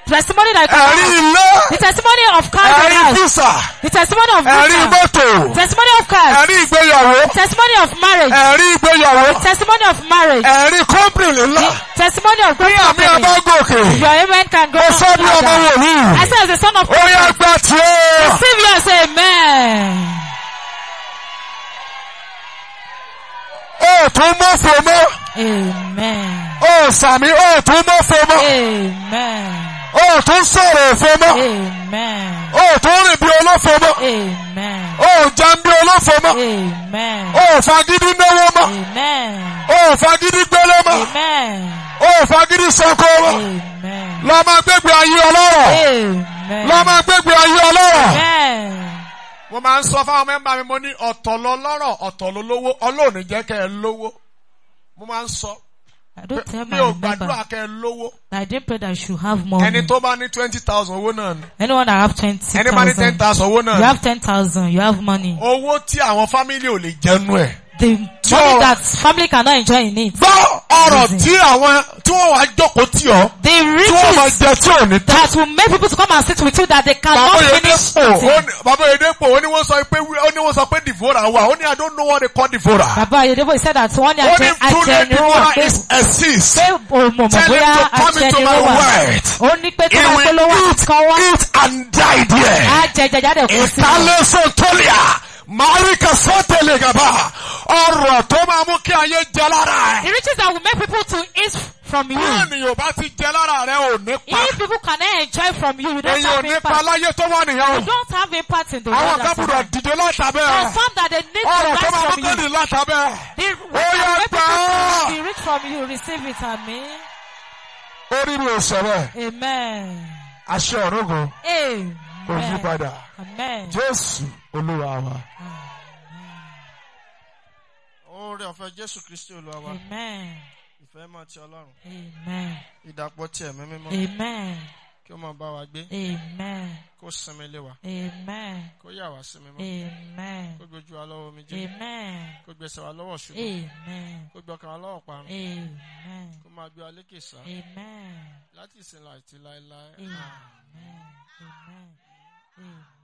testimony that comes ẹ̀rí iná the testimony of cars and house ẹ̀rí visa the testimony of visa ẹ̀rí mọ́tò testimony of cars ẹ̀rí ìgbéyàwó testimony of marriage ẹ̀rí ìgbéyàwó testimony of marriage ẹ̀rí company ńlá testimony of great company bí àmì ọba gòkè your amen can go on further ọsọ bí ọmọ wòlíì I say as The son of God ó yá gbà tiẹ̀ receive your say amen. ó tún mọ́ fòmọ́. amen. ó sàmì ó tún mọ́ fòmọ́. amen. ó tún sọ̀rọ̀ òfo mọ́ ó tún rìn bí olófo mọ́ ó jẹun bí olófo mọ́ ó fagídí náwó mọ́ ó fagídí gbélé mọ́ ó fagídí sanko mọ́ lọ́mọ gbégbé ayé ọlọ́rọ̀ lọ́mọ gbégbé ayé ọlọ́rọ̀ mo máa ń sọ fáwọn mẹ́mbà mi mo ní ọ̀tọ̀ lọ lọ́rọ̀ ọ̀tọ̀ lọ lówó ọlọ́run jẹ́ kẹ́ ẹ lówó mo máa ń sọ. I don't tell my remember. I didn't pray that you should have more. Ẹni tó twenty thousand owó Anyone that have twenty thousand. Ẹni ten thousand owó You have ten thousand, you have money. Owó tí àwọn family? ò lè jẹnu ẹ̀. The tí ọ. that family cannot enjoy in it. gbọ́ ọ̀rọ̀ tí àwọn tí wọ́n wá jókòó tì ọ́. the riches that will make people to come and sit with you that they cannot Baba finish. bàbá yedepo ó ní wọ́n sọ pé ó ní wọ́n sọ pé Deborah wà ó ní I don't know what they call Deborah. bàbá yedepo he said that wọ́n ní àjẹ àjẹnirò wà pé pé òmùmọ̀ bóyá àjẹnirò ó ní pé tó bá gbólóhùn kan wá. eat and die there. àjẹjẹjáde kò sí. ìtàlẹ́sọ̀ tọ́lẹ̀ à. Marika sọ́tẹ̀ lè Ọ̀rọ̀ tó máa mú kí ayé jẹ lára ẹ̀. The riches that will make people to eat from you. Báwo ni Yorùbá ti jẹ lára rẹ ò ní pa? If people can enjoy from you, you don't Eyo have impact. Èyí ò ní pa láyé tó wà nìyẹn o. You don't have impact in the world. Àwọn kábùrọ̀ dìde látàbẹ̀. There are some that they need Or to rise from you. Ọ̀rọ̀ tó máa mú kí ni látàbẹ̀. The riches that make people to be from you, receive it, àmín. Orí mi ò Amen. Aṣọ ọ̀rọ̀gùn. Amen. Kò yí padà. Amen olúwa wa. oore ọ̀fẹ́ jésù kristi olúwa wa. amen. ìfẹ́ mọ́ ti ọlọ́run. amen. ìdàpọ̀ ti ẹ̀mí mímọ́. amen. kí o máa bá wa gbé. amen. kó sinmi lé wa. amen. kó yà wá sinmi mọ́. amen. kó gbójú wa lọ́wọ́ omi jẹ́. amen. kó gbèsè wa lọ́wọ́ ṣubú. amen. kó gbọkàn wa lọ́wọ́ parun. amen. kó máa gbé wa lékè sá. amen. láti ìsìn láti láéláé. amen. amen. amen.